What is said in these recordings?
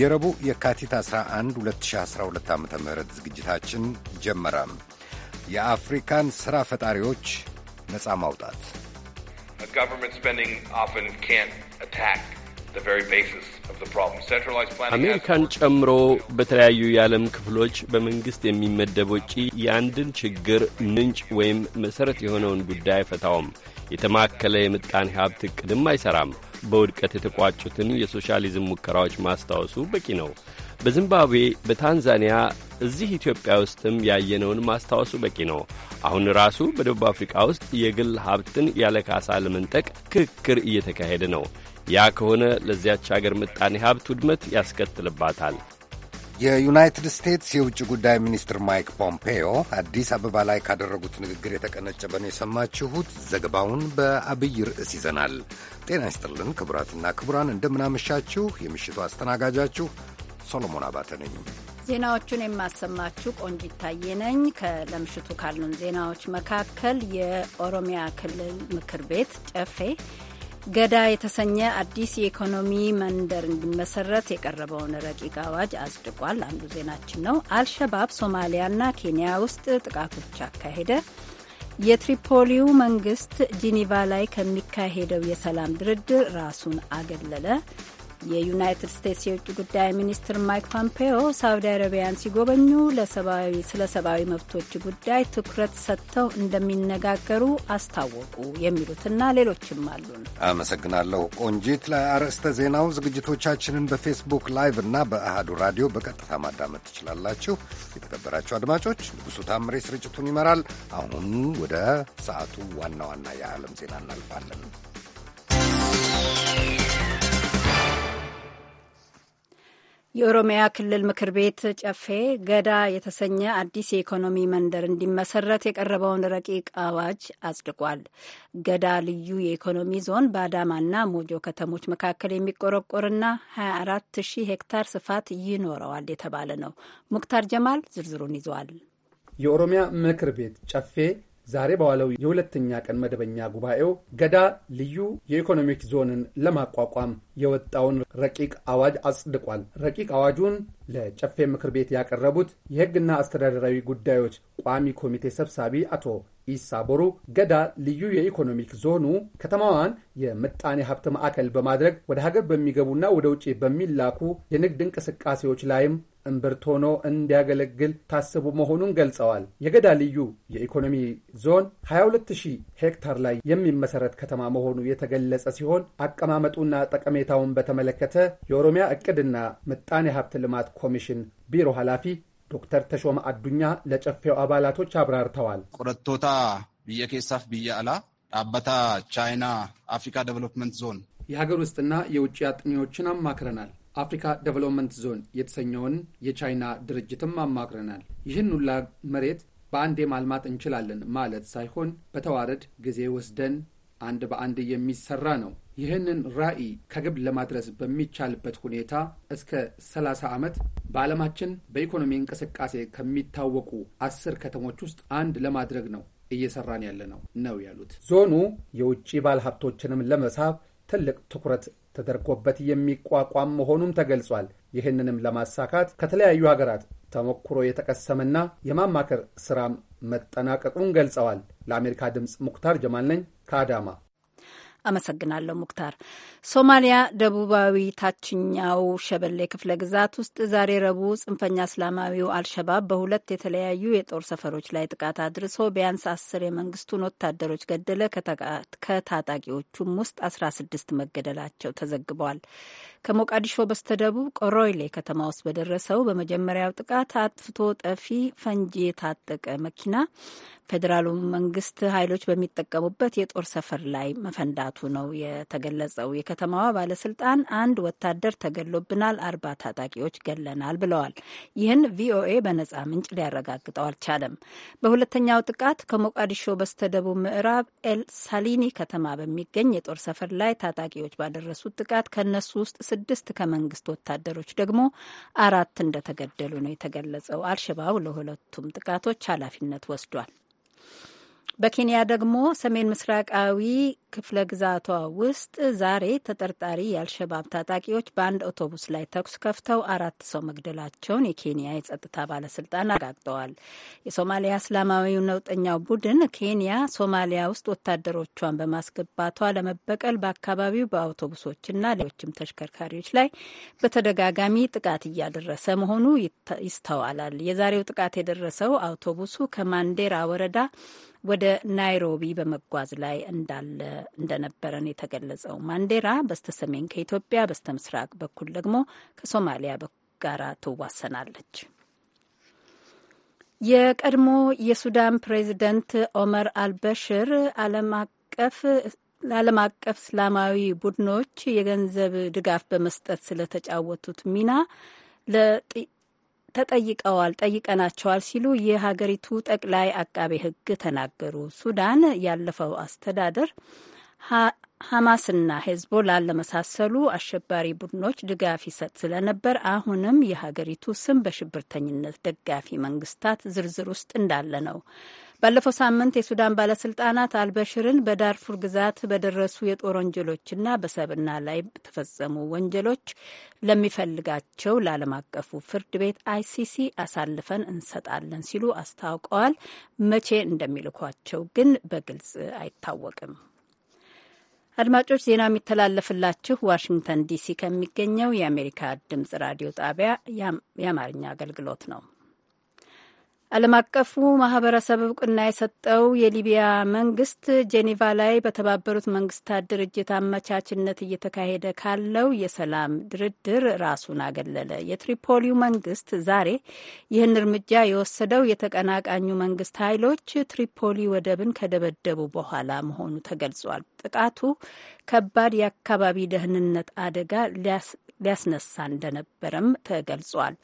የረቡዕ የካቲት 11 2012 ዓ ም ዝግጅታችን ጀመረ። የአፍሪካን ሥራ ፈጣሪዎች ነፃ ማውጣት አሜሪካን ጨምሮ በተለያዩ የዓለም ክፍሎች በመንግሥት የሚመደብ ወጪ የአንድን ችግር ምንጭ ወይም መሠረት የሆነውን ጉዳይ አይፈታውም። የተማከለ የምጣኔ ሀብት ዕቅድም አይሠራም። በውድቀት የተቋጩትን የሶሻሊዝም ሙከራዎች ማስታወሱ በቂ ነው። በዚምባብዌ፣ በታንዛኒያ እዚህ ኢትዮጵያ ውስጥም ያየነውን ማስታወሱ በቂ ነው። አሁን ራሱ በደቡብ አፍሪካ ውስጥ የግል ሀብትን ያለ ካሳ ለመንጠቅ ክርክር እየተካሄደ ነው። ያ ከሆነ ለዚያች አገር ምጣኔ ሀብት ውድመት ያስከትልባታል። የዩናይትድ ስቴትስ የውጭ ጉዳይ ሚኒስትር ማይክ ፖምፔዮ አዲስ አበባ ላይ ካደረጉት ንግግር የተቀነጨበ ነው የሰማችሁት። ዘገባውን በአብይ ርዕስ ይዘናል። ጤና ይስጥልን ክቡራትና ክቡራን፣ እንደምናመሻችሁ። የምሽቱ አስተናጋጃችሁ ሶሎሞን አባተ ነኝ። ዜናዎቹን የማሰማችሁ ቆንጂት ታዬ ነኝ። ለምሽቱ ካሉን ዜናዎች መካከል የኦሮሚያ ክልል ምክር ቤት ጨፌ ገዳ የተሰኘ አዲስ የኢኮኖሚ መንደር እንዲመሰረት የቀረበውን ረቂቅ አዋጅ አጽድቋል። አንዱ ዜናችን ነው። አልሸባብ ሶማሊያና ኬንያ ውስጥ ጥቃቶች አካሄደ። የትሪፖሊው መንግስት ጂኒቫ ላይ ከሚካሄደው የሰላም ድርድር ራሱን አገለለ። የዩናይትድ ስቴትስ የውጭ ጉዳይ ሚኒስትር ማይክ ፖምፔዮ ሳውዲ አረቢያን ሲጎበኙ ስለ ሰብአዊ መብቶች ጉዳይ ትኩረት ሰጥተው እንደሚነጋገሩ አስታወቁ። የሚሉትና ሌሎችም አሉን። አመሰግናለሁ ቆንጂት። ለአርዕስተ ዜናው ዝግጅቶቻችንን በፌስቡክ ላይቭ እና በአሃዱ ራዲዮ በቀጥታ ማዳመጥ ትችላላችሁ። የተከበራችሁ አድማጮች፣ ንጉሱ ታምሬ ስርጭቱን ይመራል። አሁን ወደ ሰዓቱ ዋና ዋና የዓለም ዜና እናልፋለን። የኦሮሚያ ክልል ምክር ቤት ጨፌ ገዳ የተሰኘ አዲስ የኢኮኖሚ መንደር እንዲመሰረት የቀረበውን ረቂቅ አዋጅ አጽድቋል። ገዳ ልዩ የኢኮኖሚ ዞን በአዳማና ሞጆ ከተሞች መካከል የሚቆረቆርና 24 ሺህ ሄክታር ስፋት ይኖረዋል የተባለ ነው። ሙክታር ጀማል ዝርዝሩን ይዟል። የኦሮሚያ ምክር ቤት ጨፌ ዛሬ በዋለው የሁለተኛ ቀን መደበኛ ጉባኤው ገዳ ልዩ የኢኮኖሚክ ዞንን ለማቋቋም የወጣውን ረቂቅ አዋጅ አጽድቋል። ረቂቅ አዋጁን ለጨፌ ምክር ቤት ያቀረቡት የሕግና አስተዳደራዊ ጉዳዮች ቋሚ ኮሚቴ ሰብሳቢ አቶ ኢሳቦሩ ገዳ ልዩ የኢኮኖሚክ ዞኑ ከተማዋን የምጣኔ ሀብት ማዕከል በማድረግ ወደ ሀገር በሚገቡና ወደ ውጭ በሚላኩ የንግድ እንቅስቃሴዎች ላይም እምብርት ሆኖ እንዲያገለግል ታስቡ መሆኑን ገልጸዋል። የገዳ ልዩ የኢኮኖሚ ዞን 220 ሄክታር ላይ የሚመሰረት ከተማ መሆኑ የተገለጸ ሲሆን አቀማመጡና ጠቀሜታውን በተመለከተ የኦሮሚያ እቅድና ምጣኔ ሀብት ልማት ኮሚሽን ቢሮ ኃላፊ ዶክተር ተሾመ አዱኛ ለጨፌው አባላቶች አብራርተዋል። ቆረቶታ ብየ ኬሳፍ ብየ አላ ዳበታ ቻይና አፍሪካ ዴቨሎፕመንት ዞን የሀገር ውስጥና የውጭ አጥኚዎችን አማክረናል። አፍሪካ ዴቨሎፕመንት ዞን የተሰኘውን የቻይና ድርጅትም አማክረናል። ይህን ሁላ መሬት በአንዴ ማልማት እንችላለን ማለት ሳይሆን በተዋረድ ጊዜ ወስደን አንድ በአንድ የሚሰራ ነው። ይህንን ራዕይ ከግብ ለማድረስ በሚቻልበት ሁኔታ እስከ 30 ዓመት በዓለማችን በኢኮኖሚ እንቅስቃሴ ከሚታወቁ አስር ከተሞች ውስጥ አንድ ለማድረግ ነው እየሰራን ያለ ነው ነው ያሉት። ዞኑ የውጭ ባለሀብቶችንም ለመሳብ ትልቅ ትኩረት ተደርጎበት የሚቋቋም መሆኑም ተገልጿል። ይህንንም ለማሳካት ከተለያዩ ሀገራት ተሞክሮ የተቀሰመና የማማከር ስራም መጠናቀቁን ገልጸዋል። ለአሜሪካ ድምፅ ሙክታር ጀማል ነኝ ከአዳማ። አመሰግናለሁ ሙክታር። ሶማሊያ ደቡባዊ ታችኛው ሸበሌ ክፍለ ግዛት ውስጥ ዛሬ ረቡዕ ጽንፈኛ እስላማዊው አልሸባብ በሁለት የተለያዩ የጦር ሰፈሮች ላይ ጥቃት አድርሶ ቢያንስ አስር የመንግስቱን ወታደሮች ገደለ። ከታጣቂዎቹም ውስጥ አስራ ስድስት መገደላቸው ተዘግበዋል። ከሞቃዲሾ በስተደቡብ ቆሮይሌ ከተማ ውስጥ በደረሰው በመጀመሪያው ጥቃት አጥፍቶ ጠፊ ፈንጂ የታጠቀ መኪና ፌዴራሉ መንግስት ኃይሎች በሚጠቀሙበት የጦር ሰፈር ላይ መፈንዳቱ ነው የተገለጸው። የከተማዋ ባለስልጣን አንድ ወታደር ተገሎብናል፣ አርባ ታጣቂዎች ገለናል ብለዋል። ይህን ቪኦኤ በነጻ ምንጭ ሊያረጋግጠው አልቻለም። በሁለተኛው ጥቃት ከሞቃዲሾ በስተደቡብ ምዕራብ ኤል ሳሊኒ ከተማ በሚገኝ የጦር ሰፈር ላይ ታጣቂዎች ባደረሱት ጥቃት ከእነሱ ውስጥ ስድስት ከመንግስት ወታደሮች ደግሞ አራት እንደተገደሉ ነው የተገለጸው። አልሸባብ ለሁለቱም ጥቃቶች ኃላፊነት ወስዷል። በኬንያ ደግሞ ሰሜን ምስራቃዊ ክፍለ ግዛቷ ውስጥ ዛሬ ተጠርጣሪ የአልሸባብ ታጣቂዎች በአንድ አውቶቡስ ላይ ተኩስ ከፍተው አራት ሰው መግደላቸውን የኬንያ የጸጥታ ባለስልጣን አረጋግጠዋል። የሶማሊያ እስላማዊ ነውጠኛው ቡድን ኬንያ ሶማሊያ ውስጥ ወታደሮቿን በማስገባቷ ለመበቀል በአካባቢው በአውቶቡሶችና ሌሎችም ተሽከርካሪዎች ላይ በተደጋጋሚ ጥቃት እያደረሰ መሆኑ ይስተዋላል። የዛሬው ጥቃት የደረሰው አውቶቡሱ ከማንዴራ ወረዳ ወደ ናይሮቢ በመጓዝ ላይ እንዳለ እንደነበረን የተገለጸው ማንዴራ በስተሰሜን ከኢትዮጵያ በስተ ምስራቅ በኩል ደግሞ ከሶማሊያ ጋር ትዋሰናለች። የቀድሞ የሱዳን ፕሬዚደንት ኦመር አልበሽር ዓለም አቀፍ ለዓለም አቀፍ እስላማዊ ቡድኖች የገንዘብ ድጋፍ በመስጠት ስለተጫወቱት ሚና ተጠይቀዋል ጠይቀናቸዋል ሲሉ የሀገሪቱ ጠቅላይ አቃቤ ሕግ ተናገሩ። ሱዳን ያለፈው አስተዳደር ሐማስና ሄዝቦላን ለመሳሰሉ አሸባሪ ቡድኖች ድጋፍ ይሰጥ ስለነበር አሁንም የሀገሪቱ ስም በሽብርተኝነት ደጋፊ መንግስታት ዝርዝር ውስጥ እንዳለ ነው። ባለፈው ሳምንት የሱዳን ባለስልጣናት አልበሽርን በዳርፉር ግዛት በደረሱ የጦር ወንጀሎችና በሰብና ላይ በተፈጸሙ ወንጀሎች ለሚፈልጋቸው ለዓለም አቀፉ ፍርድ ቤት አይሲሲ አሳልፈን እንሰጣለን ሲሉ አስታውቀዋል። መቼ እንደሚልኳቸው ግን በግልጽ አይታወቅም። አድማጮች ዜና የሚተላለፍላችሁ ዋሽንግተን ዲሲ ከሚገኘው የአሜሪካ ድምጽ ራዲዮ ጣቢያ የአማርኛ አገልግሎት ነው። ዓለም አቀፉ ማህበረሰብ እውቅና የሰጠው የሊቢያ መንግስት ጄኔቫ ላይ በተባበሩት መንግስታት ድርጅት አመቻችነት እየተካሄደ ካለው የሰላም ድርድር ራሱን አገለለ። የትሪፖሊው መንግስት ዛሬ ይህን እርምጃ የወሰደው የተቀናቃኙ መንግስት ኃይሎች ትሪፖሊ ወደብን ከደበደቡ በኋላ መሆኑ ተገልጿል። ጥቃቱ ከባድ የአካባቢ ደህንነት አደጋ ሊያስነሳ እንደነበረም ተገልጿል።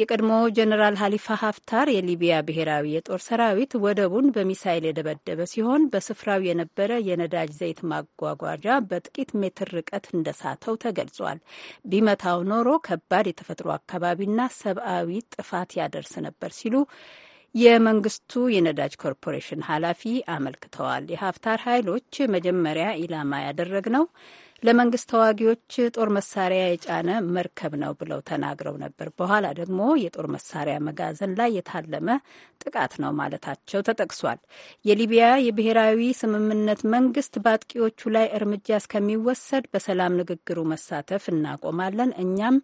የቀድሞ ጀኔራል ሀሊፋ ሀፍታር የሊቢያ ብሔራዊ የጦር ሰራዊት ወደቡን በሚሳይል የደበደበ ሲሆን በስፍራው የነበረ የነዳጅ ዘይት ማጓጓዣ በጥቂት ሜትር ርቀት እንደሳተው ተገልጿል። ቢመታው ኖሮ ከባድ የተፈጥሮ አካባቢና ሰብአዊ ጥፋት ያደርስ ነበር ሲሉ የመንግስቱ የነዳጅ ኮርፖሬሽን ኃላፊ አመልክተዋል። የሀፍታር ኃይሎች መጀመሪያ ኢላማ ያደረግነው ለመንግስት ተዋጊዎች ጦር መሳሪያ የጫነ መርከብ ነው ብለው ተናግረው ነበር። በኋላ ደግሞ የጦር መሳሪያ መጋዘን ላይ የታለመ ጥቃት ነው ማለታቸው ተጠቅሷል። የሊቢያ የብሔራዊ ስምምነት መንግስት በአጥቂዎቹ ላይ እርምጃ እስከሚወሰድ በሰላም ንግግሩ መሳተፍ እናቆማለን፣ እኛም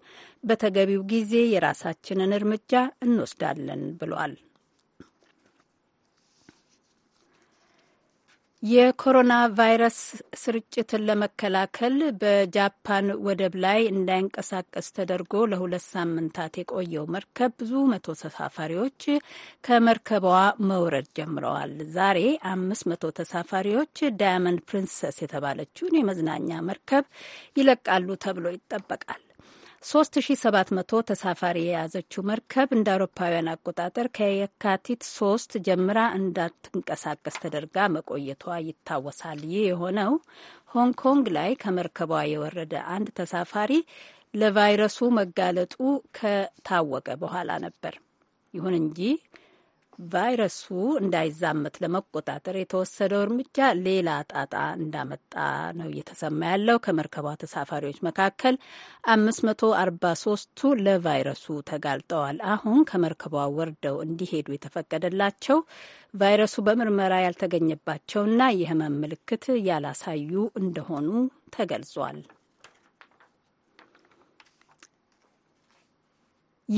በተገቢው ጊዜ የራሳችንን እርምጃ እንወስዳለን ብሏል። የኮሮና ቫይረስ ስርጭትን ለመከላከል በጃፓን ወደብ ላይ እንዳይንቀሳቀስ ተደርጎ ለሁለት ሳምንታት የቆየው መርከብ ብዙ መቶ ተሳፋሪዎች ከመርከቧ መውረድ ጀምረዋል። ዛሬ አምስት መቶ ተሳፋሪዎች ዳያመንድ ፕሪንሰስ የተባለችውን የመዝናኛ መርከብ ይለቃሉ ተብሎ ይጠበቃል። 3700 ተሳፋሪ የያዘችው መርከብ እንደ አውሮፓውያን አቆጣጠር ከየካቲት ሶስት ጀምራ እንዳትንቀሳቀስ ተደርጋ መቆየቷ ይታወሳል። ይህ የሆነው ሆንግ ኮንግ ላይ ከመርከቧ የወረደ አንድ ተሳፋሪ ለቫይረሱ መጋለጡ ከታወቀ በኋላ ነበር። ይሁን እንጂ ቫይረሱ እንዳይዛመት ለመቆጣጠር የተወሰደው እርምጃ ሌላ ጣጣ እንዳመጣ ነው እየተሰማ ያለው። ከመርከቧ ተሳፋሪዎች መካከል አምስት መቶ አርባ ሶስቱ ለቫይረሱ ተጋልጠዋል። አሁን ከመርከቧ ወርደው እንዲሄዱ የተፈቀደላቸው ቫይረሱ በምርመራ ያልተገኘባቸውና የህመም ምልክት ያላሳዩ እንደሆኑ ተገልጿል።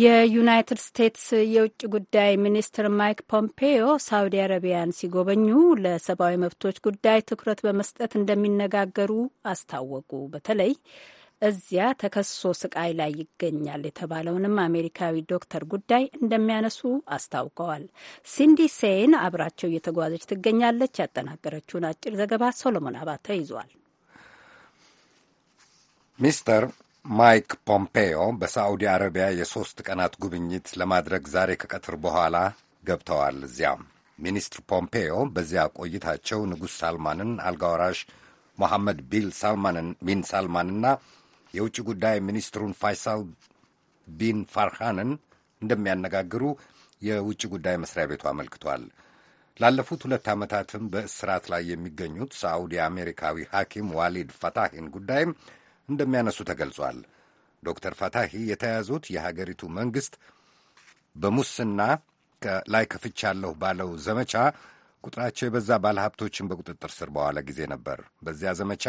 የዩናይትድ ስቴትስ የውጭ ጉዳይ ሚኒስትር ማይክ ፖምፔዮ ሳውዲ አረቢያን ሲጎበኙ ለሰብአዊ መብቶች ጉዳይ ትኩረት በመስጠት እንደሚነጋገሩ አስታወቁ። በተለይ እዚያ ተከሶ ስቃይ ላይ ይገኛል የተባለውንም አሜሪካዊ ዶክተር ጉዳይ እንደሚያነሱ አስታውቀዋል። ሲንዲ ሴን አብራቸው እየተጓዘች ትገኛለች። ያጠናቀረችውን አጭር ዘገባ ሶሎሞን አባተ ይዟል። ሚስተር ማይክ ፖምፔዮ በሳዑዲ አረቢያ የሦስት ቀናት ጉብኝት ለማድረግ ዛሬ ከቀትር በኋላ ገብተዋል። እዚያም ሚኒስትር ፖምፔዮ በዚያ ቆይታቸው ንጉሥ ሳልማንን፣ አልጋወራሽ ሞሐመድ ቢን ሳልማንና የውጭ ጉዳይ ሚኒስትሩን ፋይሳል ቢን ፋርሃንን እንደሚያነጋግሩ የውጭ ጉዳይ መስሪያ ቤቱ አመልክቷል። ላለፉት ሁለት ዓመታትም በእስራት ላይ የሚገኙት ሳዑዲ አሜሪካዊ ሐኪም ዋሊድ ፈታሂን ጉዳይም እንደሚያነሱ ተገልጿል። ዶክተር ፈታሂ የተያዙት የሀገሪቱ መንግሥት በሙስና ላይ ከፍቻለሁ ባለው ዘመቻ ቁጥራቸው የበዛ ባለሀብቶችን በቁጥጥር ስር በዋለ ጊዜ ነበር። በዚያ ዘመቻ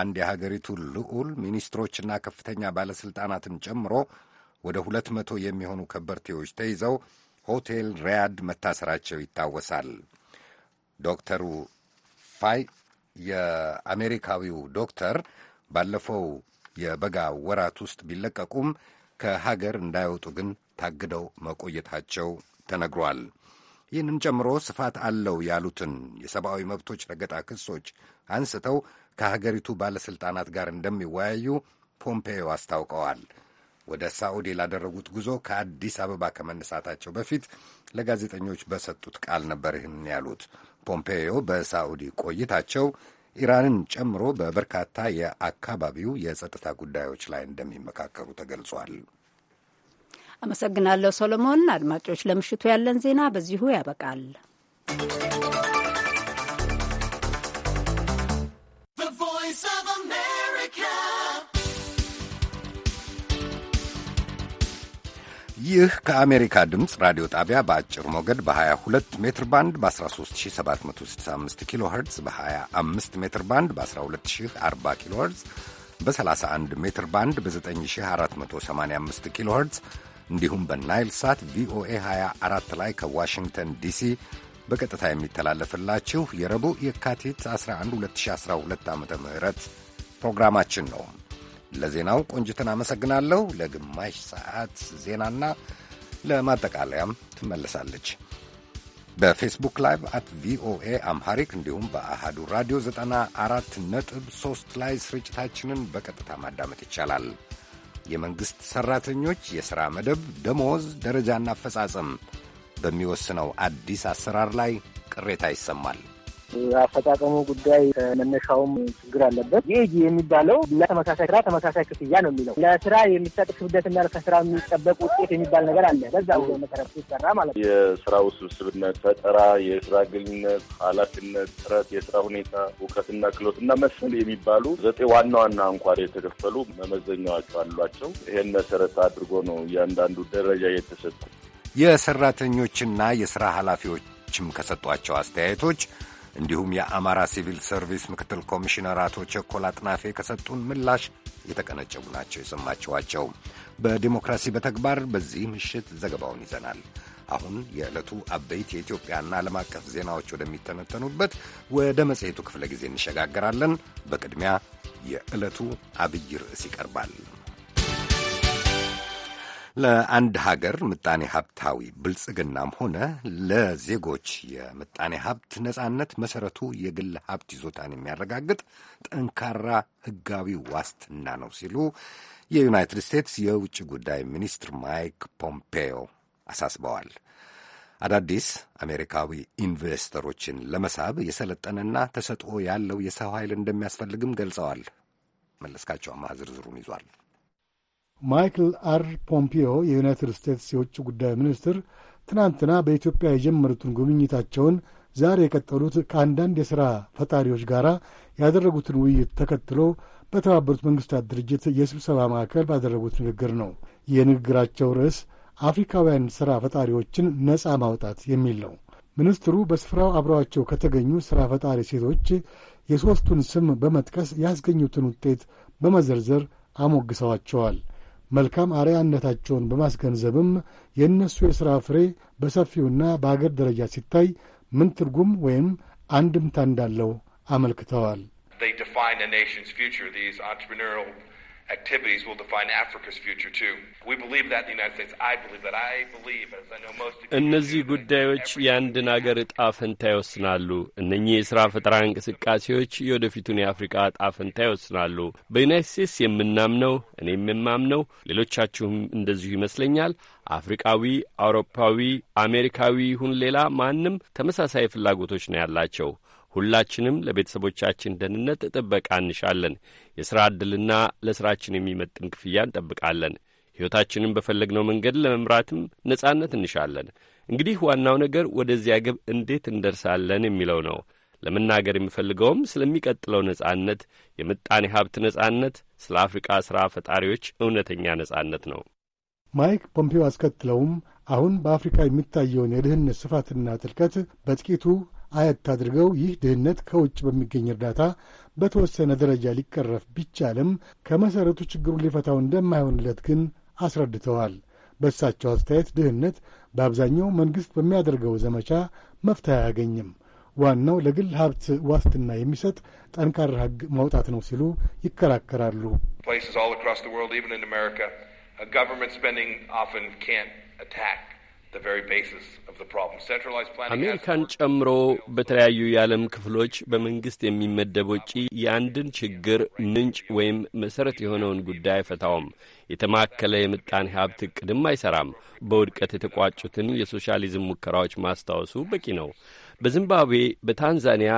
አንድ የሀገሪቱ ልዑል ሚኒስትሮችና ከፍተኛ ባለሥልጣናትን ጨምሮ ወደ ሁለት መቶ የሚሆኑ ከበርቴዎች ተይዘው ሆቴል ሪያድ መታሰራቸው ይታወሳል። ዶክተሩ ፋይ የአሜሪካዊው ዶክተር ባለፈው የበጋ ወራት ውስጥ ቢለቀቁም ከሀገር እንዳይወጡ ግን ታግደው መቆየታቸው ተነግሯል። ይህንን ጨምሮ ስፋት አለው ያሉትን የሰብአዊ መብቶች ረገጣ ክሶች አንስተው ከሀገሪቱ ባለሥልጣናት ጋር እንደሚወያዩ ፖምፔዮ አስታውቀዋል። ወደ ሳዑዲ ላደረጉት ጉዞ ከአዲስ አበባ ከመነሳታቸው በፊት ለጋዜጠኞች በሰጡት ቃል ነበር ይህን ያሉት። ፖምፔዮ በሳዑዲ ቆይታቸው ኢራንን ጨምሮ በበርካታ የአካባቢው የጸጥታ ጉዳዮች ላይ እንደሚመካከሩ ተገልጿል። አመሰግናለሁ ሶሎሞን አድማጮች ለምሽቱ ያለን ዜና በዚሁ ያበቃል። ይህ ከአሜሪካ ድምፅ ራዲዮ ጣቢያ በአጭር ሞገድ በ22 ሜትር ባንድ በ13765 ኪሎ ኸርትዝ በ25 ሜትር ባንድ በ1240 ኪሎ ኸርትዝ በ31 ሜትር ባንድ በ9485 ኪሎ ኸርትዝ እንዲሁም በናይል ሳት ቪኦኤ 24 ላይ ከዋሽንግተን ዲሲ በቀጥታ የሚተላለፍላችሁ የረቡዕ የካቲት 11 2012 ዓ ም ፕሮግራማችን ነው። ለዜናው ቆንጅትን አመሰግናለሁ። ለግማሽ ሰዓት ዜናና ለማጠቃለያም ትመለሳለች። በፌስቡክ ላይቭ አት ቪኦኤ አምሃሪክ እንዲሁም በአሃዱ ራዲዮ 3 ላይ ስርጭታችንን በቀጥታ ማዳመጥ ይቻላል። የመንግሥት ሠራተኞች የሥራ መደብ፣ ደሞዝ፣ ደረጃና አፈጻጸም በሚወስነው አዲስ አሰራር ላይ ቅሬታ ይሰማል። አፈጣጠሙ ጉዳይ ከመነሻውም ችግር አለበት። ይህ የሚባለው ለተመሳሳይ ስራ ተመሳሳይ ክፍያ ነው የሚለው ለስራ የሚሰጥ ክብደትና ከስራ የሚጠበቅ ውጤት የሚባል ነገር አለ። በዛ መሰረት ይሰራ ማለት ነው። የስራ ውስብስብነት፣ ፈጠራ፣ የስራ ግንኙነት፣ ኃላፊነት፣ ጥረት፣ የስራ ሁኔታ፣ እውቀትና ክሎት እና መሰል የሚባሉ ዘጠኝ ዋና ዋና እንኳን የተከፈሉ መመዘኛዎች አሏቸው። ይህን መሰረት አድርጎ ነው እያንዳንዱ ደረጃ የተሰጡ የሰራተኞችና የስራ ኃላፊዎችም ከሰጧቸው አስተያየቶች እንዲሁም የአማራ ሲቪል ሰርቪስ ምክትል ኮሚሽነር አቶ ቸኮል አጥናፌ ከሰጡን ምላሽ የተቀነጨቡ ናቸው የሰማችኋቸው። በዲሞክራሲ በተግባር በዚህ ምሽት ዘገባውን ይዘናል። አሁን የዕለቱ አበይት የኢትዮጵያና ዓለም አቀፍ ዜናዎች ወደሚተነተኑበት ወደ መጽሔቱ ክፍለ ጊዜ እንሸጋገራለን። በቅድሚያ የዕለቱ አብይ ርዕስ ይቀርባል። ለአንድ ሀገር ምጣኔ ሀብታዊ ብልጽግናም ሆነ ለዜጎች የምጣኔ ሀብት ነጻነት መሰረቱ የግል ሀብት ይዞታን የሚያረጋግጥ ጠንካራ ሕጋዊ ዋስትና ነው ሲሉ የዩናይትድ ስቴትስ የውጭ ጉዳይ ሚኒስትር ማይክ ፖምፔዮ አሳስበዋል። አዳዲስ አሜሪካዊ ኢንቨስተሮችን ለመሳብ የሰለጠነና ተሰጥኦ ያለው የሰው ኃይል እንደሚያስፈልግም ገልጸዋል። መለስካቸው አማረ ዝርዝሩን ይዟል። ማይክል አር ፖምፒዮ የዩናይትድ ስቴትስ የውጭ ጉዳይ ሚኒስትር ትናንትና በኢትዮጵያ የጀመሩትን ጉብኝታቸውን ዛሬ የቀጠሉት ከአንዳንድ የሥራ ፈጣሪዎች ጋር ያደረጉትን ውይይት ተከትሎ በተባበሩት መንግሥታት ድርጅት የስብሰባ ማዕከል ባደረጉት ንግግር ነው። የንግግራቸው ርዕስ አፍሪካውያን ሥራ ፈጣሪዎችን ነጻ ማውጣት የሚል ነው። ሚኒስትሩ በስፍራው አብረዋቸው ከተገኙ ሥራ ፈጣሪ ሴቶች የሦስቱን ስም በመጥቀስ ያስገኙትን ውጤት በመዘርዘር አሞግሰዋቸዋል። መልካም አርያነታቸውን በማስገንዘብም የእነሱ የሥራ ፍሬ በሰፊውና በአገር ደረጃ ሲታይ ምን ትርጉም ወይም አንድምታ እንዳለው አመልክተዋል። activities will define Africa's future too. We believe that the United States. I believe that. I believe as I know most. of you. እነዚህ ጉዳዮች የአንድን አገር እጣ ፈንታ ይወስናሉ። እነኚህ የስራ ፈጠራ እንቅስቃሴዎች የወደፊቱን የአፍሪካ እጣ ፈንታ ይወስናሉ። በዩናይትድ ስቴትስ የምናምነው እኔም የማምነው ሌሎቻችሁም እንደዚሁ ይመስለኛል። አፍሪካዊ፣ አውሮፓዊ፣ አሜሪካዊ ይሁን ሌላ ማንም ተመሳሳይ ፍላጎቶች ነው ያላቸው። ሁላችንም ለቤተሰቦቻችን ደህንነት ጥበቃ እንሻለን። የሥራ ዕድልና ለሥራችን የሚመጥን ክፍያ እንጠብቃለን። ሕይወታችንን በፈለግነው መንገድ ለመምራትም ነጻነት እንሻለን። እንግዲህ ዋናው ነገር ወደዚያ ግብ እንዴት እንደርሳለን የሚለው ነው። ለመናገር የምፈልገውም ስለሚቀጥለው ነጻነት፣ የምጣኔ ሀብት ነጻነት፣ ስለ አፍሪቃ ሥራ ፈጣሪዎች እውነተኛ ነጻነት ነው። ማይክ ፖምፒዮ አስከትለውም አሁን በአፍሪካ የሚታየውን የድህነት ስፋትና ጥልቀት በጥቂቱ አየት አድርገው ይህ ድህነት ከውጭ በሚገኝ እርዳታ በተወሰነ ደረጃ ሊቀረፍ ቢቻልም ከመሠረቱ ችግሩን ሊፈታው እንደማይሆንለት ግን አስረድተዋል። በእሳቸው አስተያየት ድህነት በአብዛኛው መንግሥት በሚያደርገው ዘመቻ መፍትሄ አያገኝም። ዋናው ለግል ሀብት ዋስትና የሚሰጥ ጠንካራ ሕግ ማውጣት ነው ሲሉ ይከራከራሉ። አሜሪካን ጨምሮ በተለያዩ የዓለም ክፍሎች በመንግስት የሚመደብ ወጪ የአንድን ችግር ምንጭ ወይም መሰረት የሆነውን ጉዳይ አይፈታውም። የተማከለ የምጣኔ ሀብት እቅድም አይሰራም። በውድቀት የተቋጩትን የሶሻሊዝም ሙከራዎች ማስታወሱ በቂ ነው። በዚምባብዌ፣ በታንዛኒያ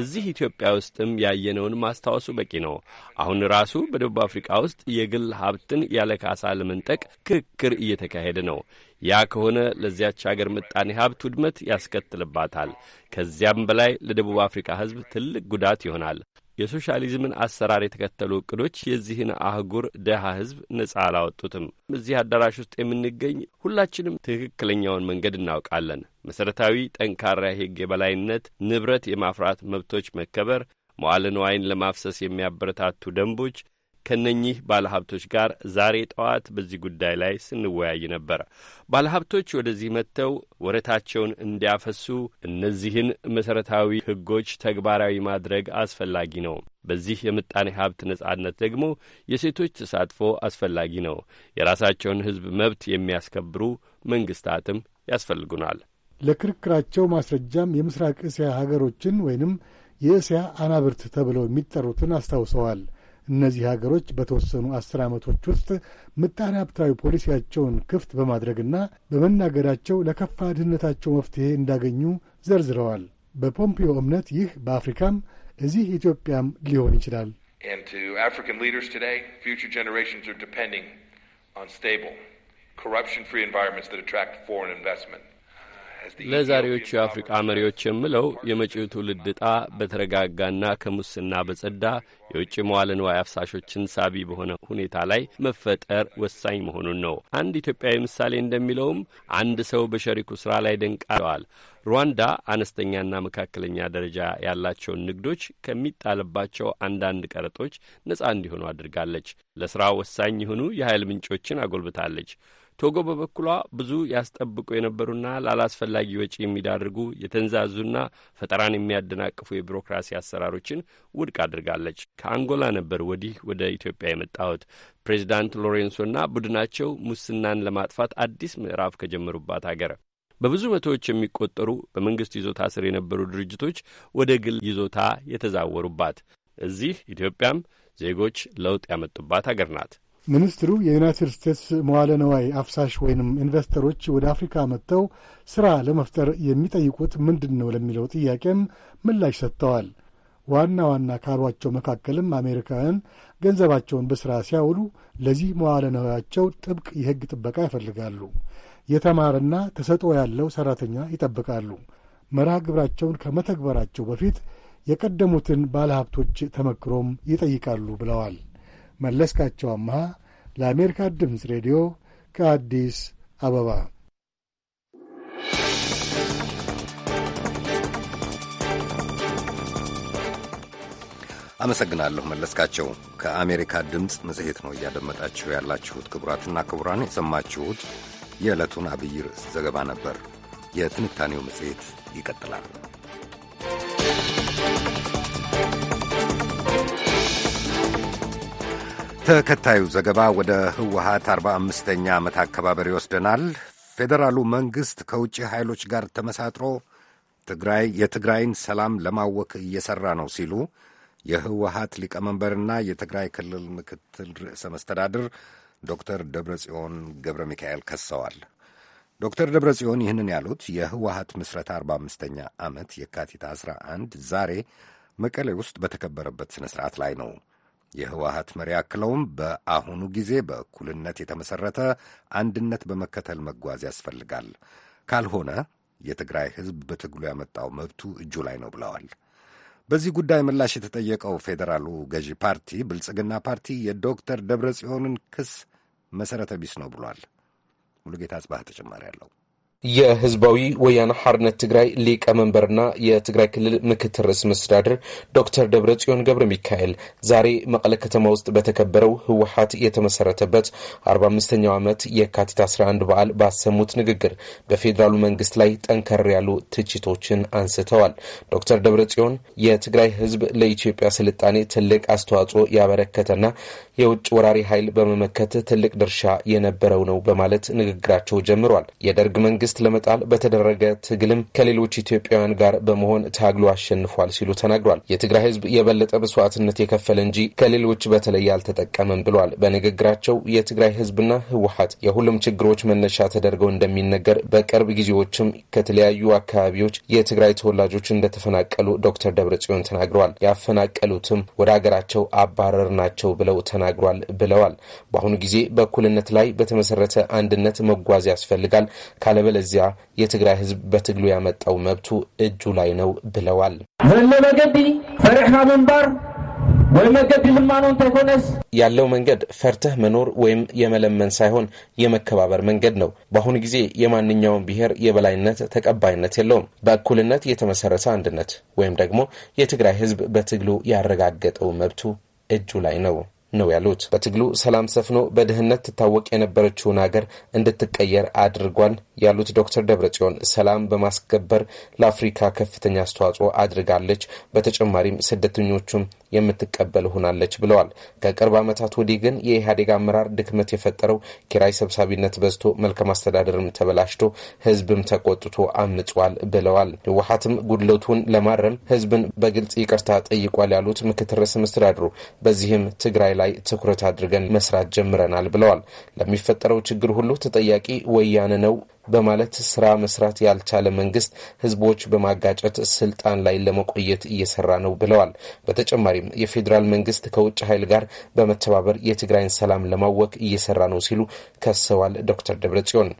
እዚህ ኢትዮጵያ ውስጥም ያየነውን ማስታወሱ በቂ ነው። አሁን ራሱ በደቡብ አፍሪካ ውስጥ የግል ሀብትን ያለ ካሳ ለመንጠቅ ክርክር እየተካሄደ ነው። ያ ከሆነ ለዚያች አገር ምጣኔ ሀብት ውድመት ያስከትልባታል። ከዚያም በላይ ለደቡብ አፍሪካ ሕዝብ ትልቅ ጉዳት ይሆናል። የሶሻሊዝምን አሰራር የተከተሉ እቅዶች የዚህን አህጉር ደሃ ሕዝብ ነጻ አላወጡትም። እዚህ አዳራሽ ውስጥ የምንገኝ ሁላችንም ትክክለኛውን መንገድ እናውቃለን። መሠረታዊ ጠንካራ የሕግ የበላይነት፣ ንብረት የማፍራት መብቶች መከበር፣ መዋለ ንዋይን ለማፍሰስ የሚያበረታቱ ደንቦች ከነኚህ ባለሀብቶች ጋር ዛሬ ጠዋት በዚህ ጉዳይ ላይ ስንወያይ ነበር። ባለሀብቶች ወደዚህ መጥተው ወረታቸውን እንዲያፈሱ እነዚህን መሠረታዊ ሕጎች ተግባራዊ ማድረግ አስፈላጊ ነው። በዚህ የምጣኔ ሀብት ነጻነት ደግሞ የሴቶች ተሳትፎ አስፈላጊ ነው። የራሳቸውን ሕዝብ መብት የሚያስከብሩ መንግስታትም ያስፈልጉናል። ለክርክራቸው ማስረጃም የምስራቅ እስያ ሀገሮችን ወይንም የእስያ አናብርት ተብለው የሚጠሩትን አስታውሰዋል። እነዚህ ሀገሮች በተወሰኑ አስር ዓመቶች ውስጥ ምጣኔ ሀብታዊ ፖሊሲያቸውን ክፍት በማድረግና በመናገራቸው ለከፋ ድህነታቸው መፍትሔ እንዳገኙ ዘርዝረዋል። በፖምፒዮ እምነት ይህ በአፍሪካም እዚህ ኢትዮጵያም ሊሆን ይችላል። ኢንቨስትመንት ለዛሬዎቹ የአፍሪቃ መሪዎች የምለው የመጪው ትውልድ ዕጣ በተረጋጋና ከሙስና በጸዳ የውጭ መዋለ ንዋይ አፍሳሾችን ሳቢ በሆነ ሁኔታ ላይ መፈጠር ወሳኝ መሆኑን ነው። አንድ ኢትዮጵያዊ ምሳሌ እንደሚለውም አንድ ሰው በሸሪኩ ስራ ላይ ደንቃለዋል። ሩዋንዳ አነስተኛና መካከለኛ ደረጃ ያላቸውን ንግዶች ከሚጣልባቸው አንዳንድ ቀረጦች ነጻ እንዲሆኑ አድርጋለች። ለሥራ ወሳኝ የሆኑ የኃይል ምንጮችን አጎልብታለች። ቶጎ በበኩሏ ብዙ ያስጠብቁ የነበሩና ላላስፈላጊ ወጪ የሚዳርጉ የተንዛዙና ፈጠራን የሚያደናቅፉ የቢሮክራሲ አሰራሮችን ውድቅ አድርጋለች። ከአንጎላ ነበር ወዲህ ወደ ኢትዮጵያ የመጣሁት። ፕሬዚዳንት ሎሬንሶና ቡድናቸው ሙስናን ለማጥፋት አዲስ ምዕራፍ ከጀመሩባት አገር በብዙ መቶዎች የሚቆጠሩ በመንግስት ይዞታ ስር የነበሩ ድርጅቶች ወደ ግል ይዞታ የተዛወሩባት እዚህ ኢትዮጵያም ዜጎች ለውጥ ያመጡባት አገር ናት። ሚኒስትሩ የዩናይትድ ስቴትስ መዋለ ነዋይ አፍሳሽ ወይንም ኢንቨስተሮች ወደ አፍሪካ መጥተው ሥራ ለመፍጠር የሚጠይቁት ምንድን ነው ለሚለው ጥያቄም ምላሽ ሰጥተዋል። ዋና ዋና ካሏቸው መካከልም አሜሪካውያን ገንዘባቸውን በሥራ ሲያውሉ ለዚህ መዋለ ነዋያቸው ጥብቅ የሕግ ጥበቃ ይፈልጋሉ። የተማረና ተሰጥኦ ያለው ሠራተኛ ይጠብቃሉ። መርሃ ግብራቸውን ከመተግበራቸው በፊት የቀደሙትን ባለሀብቶች ተመክሮም ይጠይቃሉ ብለዋል። መለስካቸው አመሃ ለአሜሪካ ድምፅ ሬዲዮ ከአዲስ አበባ አመሰግናለሁ መለስካቸው። ከአሜሪካ ድምፅ መጽሔት ነው እያደመጣችሁ ያላችሁት። ክቡራትና ክቡራን የሰማችሁት የዕለቱን አብይ ርዕስ ዘገባ ነበር። የትንታኔው መጽሔት ይቀጥላል። ተከታዩ ዘገባ ወደ ህወሀት 45ኛ ዓመት አከባበር ይወስደናል። ፌዴራሉ መንግሥት ከውጭ ኃይሎች ጋር ተመሳጥሮ ትግራይ የትግራይን ሰላም ለማወክ እየሠራ ነው ሲሉ የህወሀት ሊቀመንበርና የትግራይ ክልል ምክትል ርዕሰ መስተዳድር ዶክተር ደብረ ጽዮን ገብረ ሚካኤል ከሰዋል። ዶክተር ደብረ ጽዮን ይህንን ያሉት የህወሀት ምስረታ 45ኛ ዓመት የካቲት 11 ዛሬ መቀሌ ውስጥ በተከበረበት ሥነ ሥርዓት ላይ ነው። የህወሀት መሪ አክለውም በአሁኑ ጊዜ በእኩልነት የተመሠረተ አንድነት በመከተል መጓዝ ያስፈልጋል፣ ካልሆነ የትግራይ ህዝብ በትግሉ ያመጣው መብቱ እጁ ላይ ነው ብለዋል። በዚህ ጉዳይ ምላሽ የተጠየቀው ፌዴራሉ ገዢ ፓርቲ ብልጽግና ፓርቲ የዶክተር ደብረ ጽዮንን ክስ መሠረተ ቢስ ነው ብሏል። ሙሉጌታ አጽባህ ተጨማሪ አለው። የህዝባዊ ወያነ ሐርነት ትግራይ ሊቀመንበርና የትግራይ ክልል ምክትል ርዕስ መስተዳድር ዶክተር ደብረ ጽዮን ገብረ ሚካኤል ዛሬ መቀለ ከተማ ውስጥ በተከበረው ህወሓት የተመሰረተበት 45ኛው ዓመት የካቲት 11 በዓል ባሰሙት ንግግር በፌዴራሉ መንግስት ላይ ጠንከር ያሉ ትችቶችን አንስተዋል። ዶክተር ደብረ ጽዮን የትግራይ ህዝብ ለኢትዮጵያ ስልጣኔ ትልቅ አስተዋጽኦ ያበረከተና የውጭ ወራሪ ኃይል በመመከት ትልቅ ድርሻ የነበረው ነው በማለት ንግግራቸው ጀምሯል። የደርግ መንግስት ለመጣል በተደረገ ትግልም ከሌሎች ኢትዮጵያውያን ጋር በመሆን ታግሎ አሸንፏል ሲሉ ተናግሯል። የትግራይ ህዝብ የበለጠ መስዋዕትነት የከፈለ እንጂ ከሌሎች በተለይ አልተጠቀመም ብሏል። በንግግራቸው የትግራይ ህዝብና ህወሀት የሁሉም ችግሮች መነሻ ተደርገው እንደሚነገር በቅርብ ጊዜዎችም ከተለያዩ አካባቢዎች የትግራይ ተወላጆች እንደተፈናቀሉ ዶክተር ደብረ ጽዮን ተናግረዋል። ያፈናቀሉትም ወደ ሀገራቸው አባረር ናቸው ብለው ተናግ ተናግሯል ብለዋል። በአሁኑ ጊዜ በእኩልነት ላይ በተመሰረተ አንድነት መጓዝ ያስፈልጋል። ካለበለዚያ የትግራይ ህዝብ በትግሉ ያመጣው መብቱ እጁ ላይ ነው ብለዋል። ዘሎ መገዲ ፈሪሕና ምንባር ወይ መገዲ ልማኖ እንተይኮነስ ያለው መንገድ ፈርተህ መኖር ወይም የመለመን ሳይሆን የመከባበር መንገድ ነው። በአሁኑ ጊዜ የማንኛውም ብሔር የበላይነት ተቀባይነት የለውም። በእኩልነት የተመሰረተ አንድነት ወይም ደግሞ የትግራይ ህዝብ በትግሉ ያረጋገጠው መብቱ እጁ ላይ ነው። ነው ያሉት። በትግሉ ሰላም ሰፍኖ በድህነት ትታወቅ የነበረችውን ሀገር እንድትቀየር አድርጓል ያሉት ዶክተር ደብረጽዮን ሰላም በማስከበር ለአፍሪካ ከፍተኛ አስተዋጽኦ አድርጋለች። በተጨማሪም ስደተኞቹም የምትቀበል ሆናለች ብለዋል። ከቅርብ ዓመታት ወዲህ ግን የኢህአዴግ አመራር ድክመት የፈጠረው ኪራይ ሰብሳቢነት በዝቶ መልካም አስተዳደርም ተበላሽቶ ህዝብም ተቆጥቶ አምጿል ብለዋል። ህወሀትም ጉድለቱን ለማረም ህዝብን በግልጽ ይቅርታ ጠይቋል ያሉት ምክትል ርዕሰ መስተዳድሩ በዚህም ትግራይ ላይ ትኩረት አድርገን መስራት ጀምረናል ብለዋል። ለሚፈጠረው ችግር ሁሉ ተጠያቂ ወያነ ነው በማለት ስራ መስራት ያልቻለ መንግስት ህዝቦች በማጋጨት ስልጣን ላይ ለመቆየት እየሰራ ነው ብለዋል። በተጨማሪም የፌዴራል መንግስት ከውጭ ኃይል ጋር በመተባበር የትግራይን ሰላም ለማወክ እየሰራ ነው ሲሉ ከሰዋል። ዶክተር ደብረጽዮን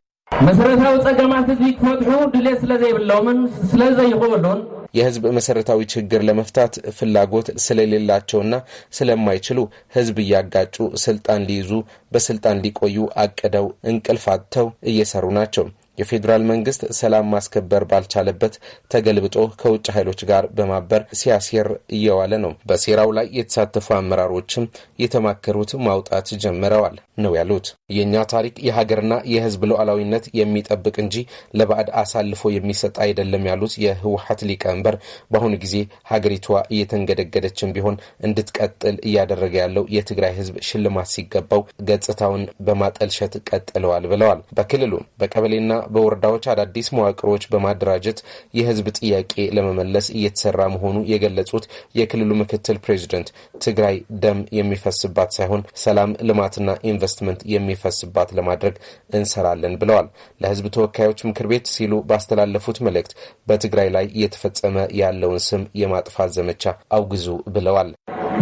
መሰረታዊ ጸገማት ህዝቢ ክፈትሑ ድሌት ስለዘይብለውምን ስለዘይኽእሉን የህዝብ መሰረታዊ ችግር ለመፍታት ፍላጎት ስለሌላቸውና ስለማይችሉ ህዝብ እያጋጩ ስልጣን ሊይዙ በስልጣን ሊቆዩ አቅደው እንቅልፍ አጥተው እየሰሩ ናቸው። የፌዴራል መንግስት ሰላም ማስከበር ባልቻለበት ተገልብጦ ከውጭ ኃይሎች ጋር በማበር ሲያሴር እየዋለ ነው። በሴራው ላይ የተሳተፉ አመራሮችም የተማከሩት ማውጣት ጀምረዋል ነው ያሉት። የእኛ ታሪክ የሀገርና የህዝብ ሉዓላዊነት የሚጠብቅ እንጂ ለባዕድ አሳልፎ የሚሰጥ አይደለም ያሉት የህወሀት ሊቀመንበር በአሁኑ ጊዜ ሀገሪቷ እየተንገደገደችን ቢሆን እንድትቀጥል እያደረገ ያለው የትግራይ ህዝብ ሽልማት ሲገባው ገጽታውን በማጠልሸት ቀጥለዋል ብለዋል። በክልሉ በቀበሌና በወረዳዎች አዳዲስ መዋቅሮች በማደራጀት የህዝብ ጥያቄ ለመመለስ እየተሰራ መሆኑ የገለጹት የክልሉ ምክትል ፕሬዚደንት ትግራይ ደም የሚፈስባት ሳይሆን ሰላም፣ ልማትና ኢንቨስትመንት የሚፈስባት ለማድረግ እንሰራለን ብለዋል። ለህዝብ ተወካዮች ምክር ቤት ሲሉ ባስተላለፉት መልእክት በትግራይ ላይ እየተፈጸመ ያለውን ስም የማጥፋት ዘመቻ አውግዙ ብለዋል።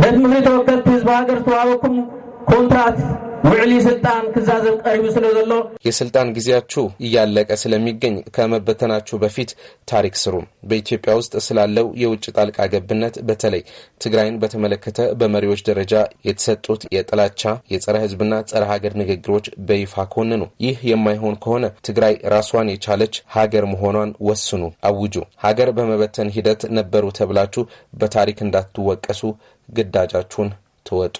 በምክሪ ተወከልቲ ህዝብ ሀገር ዝተዋሃበኩም ኮንትራት ውዕሊ ስልጣን ክዛዘብ ቀሪቡ ስለ ዘሎ የስልጣን ጊዜያችሁ እያለቀ ስለሚገኝ ከመበተናችሁ በፊት ታሪክ ስሩ። በኢትዮጵያ ውስጥ ስላለው የውጭ ጣልቃ ገብነት በተለይ ትግራይን በተመለከተ በመሪዎች ደረጃ የተሰጡት የጥላቻ የጸረ ሕዝብና ጸረ ሀገር ንግግሮች በይፋ ኮንኑ። ይህ የማይሆን ከሆነ ትግራይ ራሷን የቻለች ሀገር መሆኗን ወስኑ፣ አውጁ። ሀገር በመበተን ሂደት ነበሩ ተብላችሁ በታሪክ እንዳትወቀሱ ግዳጃችሁን ተወጡ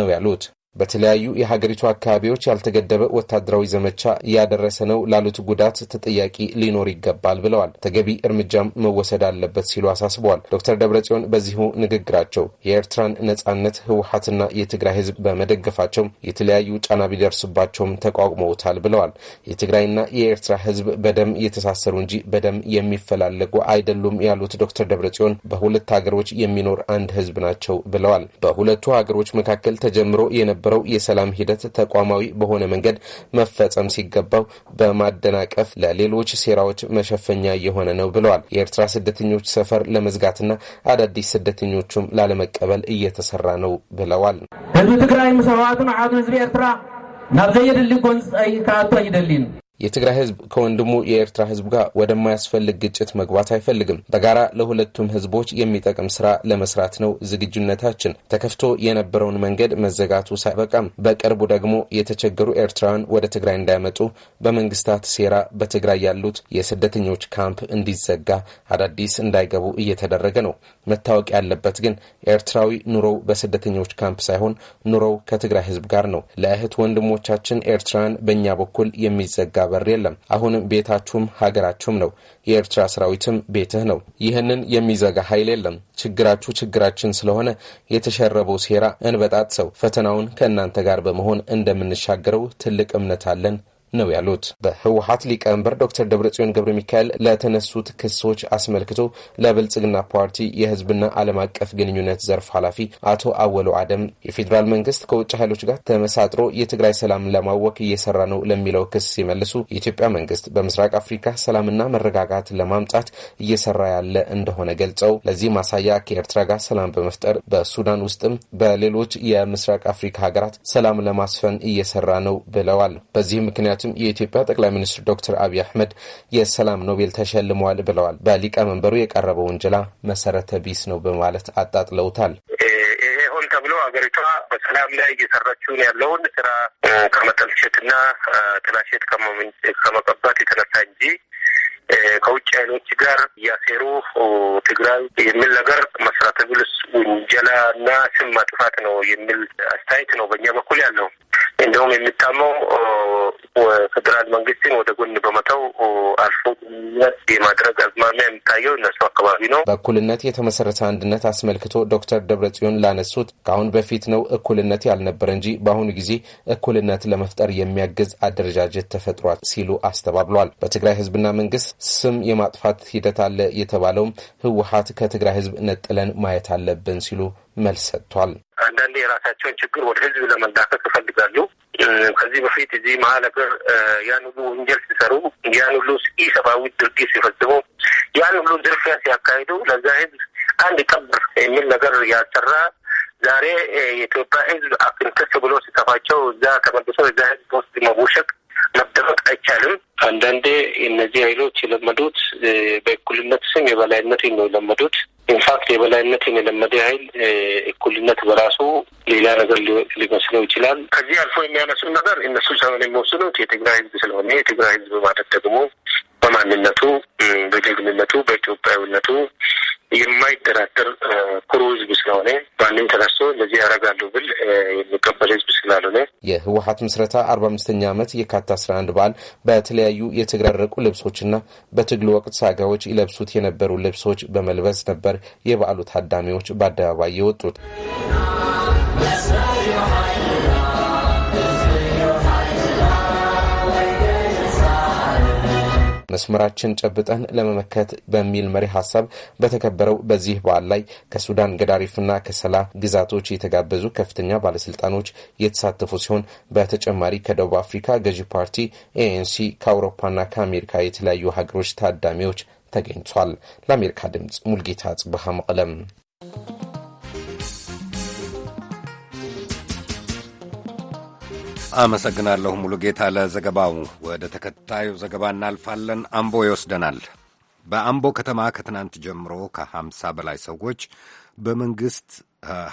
ነው ያሉት። በተለያዩ የሀገሪቱ አካባቢዎች ያልተገደበ ወታደራዊ ዘመቻ እያደረሰ ነው ላሉት ጉዳት ተጠያቂ ሊኖር ይገባል ብለዋል። ተገቢ እርምጃም መወሰድ አለበት ሲሉ አሳስበዋል። ዶክተር ደብረጽዮን በዚሁ ንግግራቸው የኤርትራን ነጻነት ህወሀትና የትግራይ ህዝብ በመደገፋቸው የተለያዩ ጫና ቢደርሱባቸውም ተቋቁመውታል ብለዋል። የትግራይና የኤርትራ ህዝብ በደም የተሳሰሩ እንጂ በደም የሚፈላለጉ አይደሉም ያሉት ዶክተር ደብረጽዮን በሁለት ሀገሮች የሚኖር አንድ ህዝብ ናቸው ብለዋል። በሁለቱ ሀገሮች መካከል ተጀምሮ የነበ የነበረው የሰላም ሂደት ተቋማዊ በሆነ መንገድ መፈጸም ሲገባው በማደናቀፍ ለሌሎች ሴራዎች መሸፈኛ የሆነ ነው ብለዋል። የኤርትራ ስደተኞች ሰፈር ለመዝጋትና አዳዲስ ስደተኞቹም ላለመቀበል እየተሰራ ነው ብለዋል። ህዝብ ትግራይ ምስ ህወሓቱን ህዝቢ ኤርትራ ናብ ዘየድሊ ጎንፂ ኣይደሊን የትግራይ ህዝብ ከወንድሙ የኤርትራ ህዝብ ጋር ወደማያስፈልግ ግጭት መግባት አይፈልግም። በጋራ ለሁለቱም ህዝቦች የሚጠቅም ስራ ለመስራት ነው ዝግጁነታችን። ተከፍቶ የነበረውን መንገድ መዘጋቱ ሳይበቃም በቅርቡ ደግሞ የተቸገሩ ኤርትራውያን ወደ ትግራይ እንዳይመጡ በመንግስታት ሴራ በትግራይ ያሉት የስደተኞች ካምፕ እንዲዘጋ፣ አዳዲስ እንዳይገቡ እየተደረገ ነው። መታወቅ ያለበት ግን ኤርትራዊ ኑሮው በስደተኞች ካምፕ ሳይሆን ኑሮው ከትግራይ ህዝብ ጋር ነው። ለእህት ወንድሞቻችን ኤርትራውያን በእኛ በኩል የሚዘጋ በር የለም። አሁንም ቤታችሁም ሀገራችሁም ነው። የኤርትራ ሰራዊትም ቤትህ ነው። ይህንን የሚዘጋ ኃይል የለም። ችግራችሁ ችግራችን ስለሆነ የተሸረበው ሴራ እንበጣት ሰው ፈተናውን ከእናንተ ጋር በመሆን እንደምንሻገረው ትልቅ እምነት አለን ነው ያሉት። በህወሀት ሊቀመንበር ዶክተር ደብረጽዮን ገብረ ሚካኤል ለተነሱት ክሶች አስመልክቶ ለብልጽግና ፓርቲ የህዝብና ዓለም አቀፍ ግንኙነት ዘርፍ ኃላፊ አቶ አወሎ አደም የፌዴራል መንግስት ከውጭ ኃይሎች ጋር ተመሳጥሮ የትግራይ ሰላም ለማወክ እየሰራ ነው ለሚለው ክስ ሲመልሱ የኢትዮጵያ መንግስት በምስራቅ አፍሪካ ሰላምና መረጋጋት ለማምጣት እየሰራ ያለ እንደሆነ ገልጸው ለዚህ ማሳያ ከኤርትራ ጋር ሰላም በመፍጠር በሱዳን ውስጥም በሌሎች የምስራቅ አፍሪካ ሀገራት ሰላም ለማስፈን እየሰራ ነው ብለዋል። በዚህ ምክንያት ምክንያትም የኢትዮጵያ ጠቅላይ ሚኒስትር ዶክተር አብይ አህመድ የሰላም ኖቤል ተሸልመዋል ብለዋል። በሊቀመንበሩ የቀረበው ውንጀላ መሰረተ ቢስ ነው በማለት አጣጥለውታል። ይሄ ሆን ተብሎ ሀገሪቷ በሰላም ላይ እየሰራችውን ያለውን ስራ ከመጠልሸትና ጥላሸት ከመቀባት የተነሳ እንጂ ከውጭ ኃይሎች ጋር እያሴሩ ትግራይ የሚል ነገር መሰረተ ቢስ ውንጀላ ስም ማጥፋት ነው የሚል አስተያየት ነው በእኛ በኩል ያለው። እንዲሁም የሚታመው ፌዴራል መንግስትን ወደ ጎን በመተው አልፎ የማድረግ አዝማሚያ የሚታየው እነሱ አካባቢ ነው። በእኩልነት የተመሰረተ አንድነት አስመልክቶ ዶክተር ደብረጽዮን ላነሱት ከአሁን በፊት ነው እኩልነት ያልነበረ እንጂ በአሁኑ ጊዜ እኩልነት ለመፍጠር የሚያግዝ አደረጃጀት ተፈጥሯል ሲሉ አስተባብሏል። በትግራይ ህዝብና መንግስት ስም የማጥፋት ሂደት አለ የተባለውም ህወሀት ከትግራይ ህዝብ ነጥለን ማየት አለብን ሲሉ መልስ ሰጥቷል። አንዳንዴ የራሳቸውን ችግር ወደ ህዝብ ለመላከት ይፈልጋሉ። ከዚህ በፊት እዚህ መሀል ሀገር ያን ሁሉ ወንጀል ሲሰሩ፣ ያን ሁሉ ኢሰብአዊ ድርጊት ሲፈጽሙ፣ ያን ሁሉ ዝርፊያ ሲያካሂዱ ለዛ ህዝብ አንድ ቀብር የሚል ነገር ያሰራ ዛሬ የኢትዮጵያ ህዝብ አክንክስ ብሎ ሲጠፋቸው ። እዛ ተመልሶ እዛ ህዝብ ውስጥ መቦሸቅ መደበቅ አይቻልም። አንዳንዴ እነዚህ ኃይሎች የለመዱት በእኩልነት ስም የበላይነትን ነው የለመዱት። ኢንፋክት የበላይነትን የለመደ ኃይል እኩልነት በራሱ ሌላ ነገር ሊመስለው ይችላል። ከዚህ አልፎ የሚያነሱ ነገር እነሱ ሰሆን የሚወስኑት የትግራይ ህዝብ ስለሆነ የትግራይ ህዝብ ማለት ደግሞ በማንነቱ፣ በጀግንነቱ፣ በኢትዮጵያዊነቱ የማይደራደር ኩሩ ህዝብ ስለሆነ ማንም ተነስቶ እንደዚህ ያደርጋሉ ብል የሚቀበል ህዝብ ስላልሆነ የህወሀት ምስረታ አርባ አምስተኛ ዓመት የካቲት አስራ አንድ በዓል በተለያዩ የተግረረቁ ልብሶችና በትግሉ ወቅት ሳጋዎች ይለብሱት የነበሩ ልብሶች በመልበስ ነበር የበዓሉ ታዳሚዎች በአደባባይ የወጡት። መስመራችን ጨብጠን ለመመከት በሚል መሪ ሀሳብ በተከበረው በዚህ በዓል ላይ ከሱዳን ገዳሪፍና ከሰላ ግዛቶች የተጋበዙ ከፍተኛ ባለስልጣኖች የተሳተፉ ሲሆን በተጨማሪ ከደቡብ አፍሪካ ገዢ ፓርቲ ኤኤንሲ ከአውሮፓና ከአሜሪካ የተለያዩ ሀገሮች ታዳሚዎች ተገኝቷል። ለአሜሪካ ድምጽ ሙልጌታ ጽብሃ መቀለም አመሰግናለሁ ሙሉ ጌታ ለዘገባው። ወደ ተከታዩ ዘገባ እናልፋለን። አምቦ ይወስደናል። በአምቦ ከተማ ከትናንት ጀምሮ ከ50 በላይ ሰዎች በመንግሥት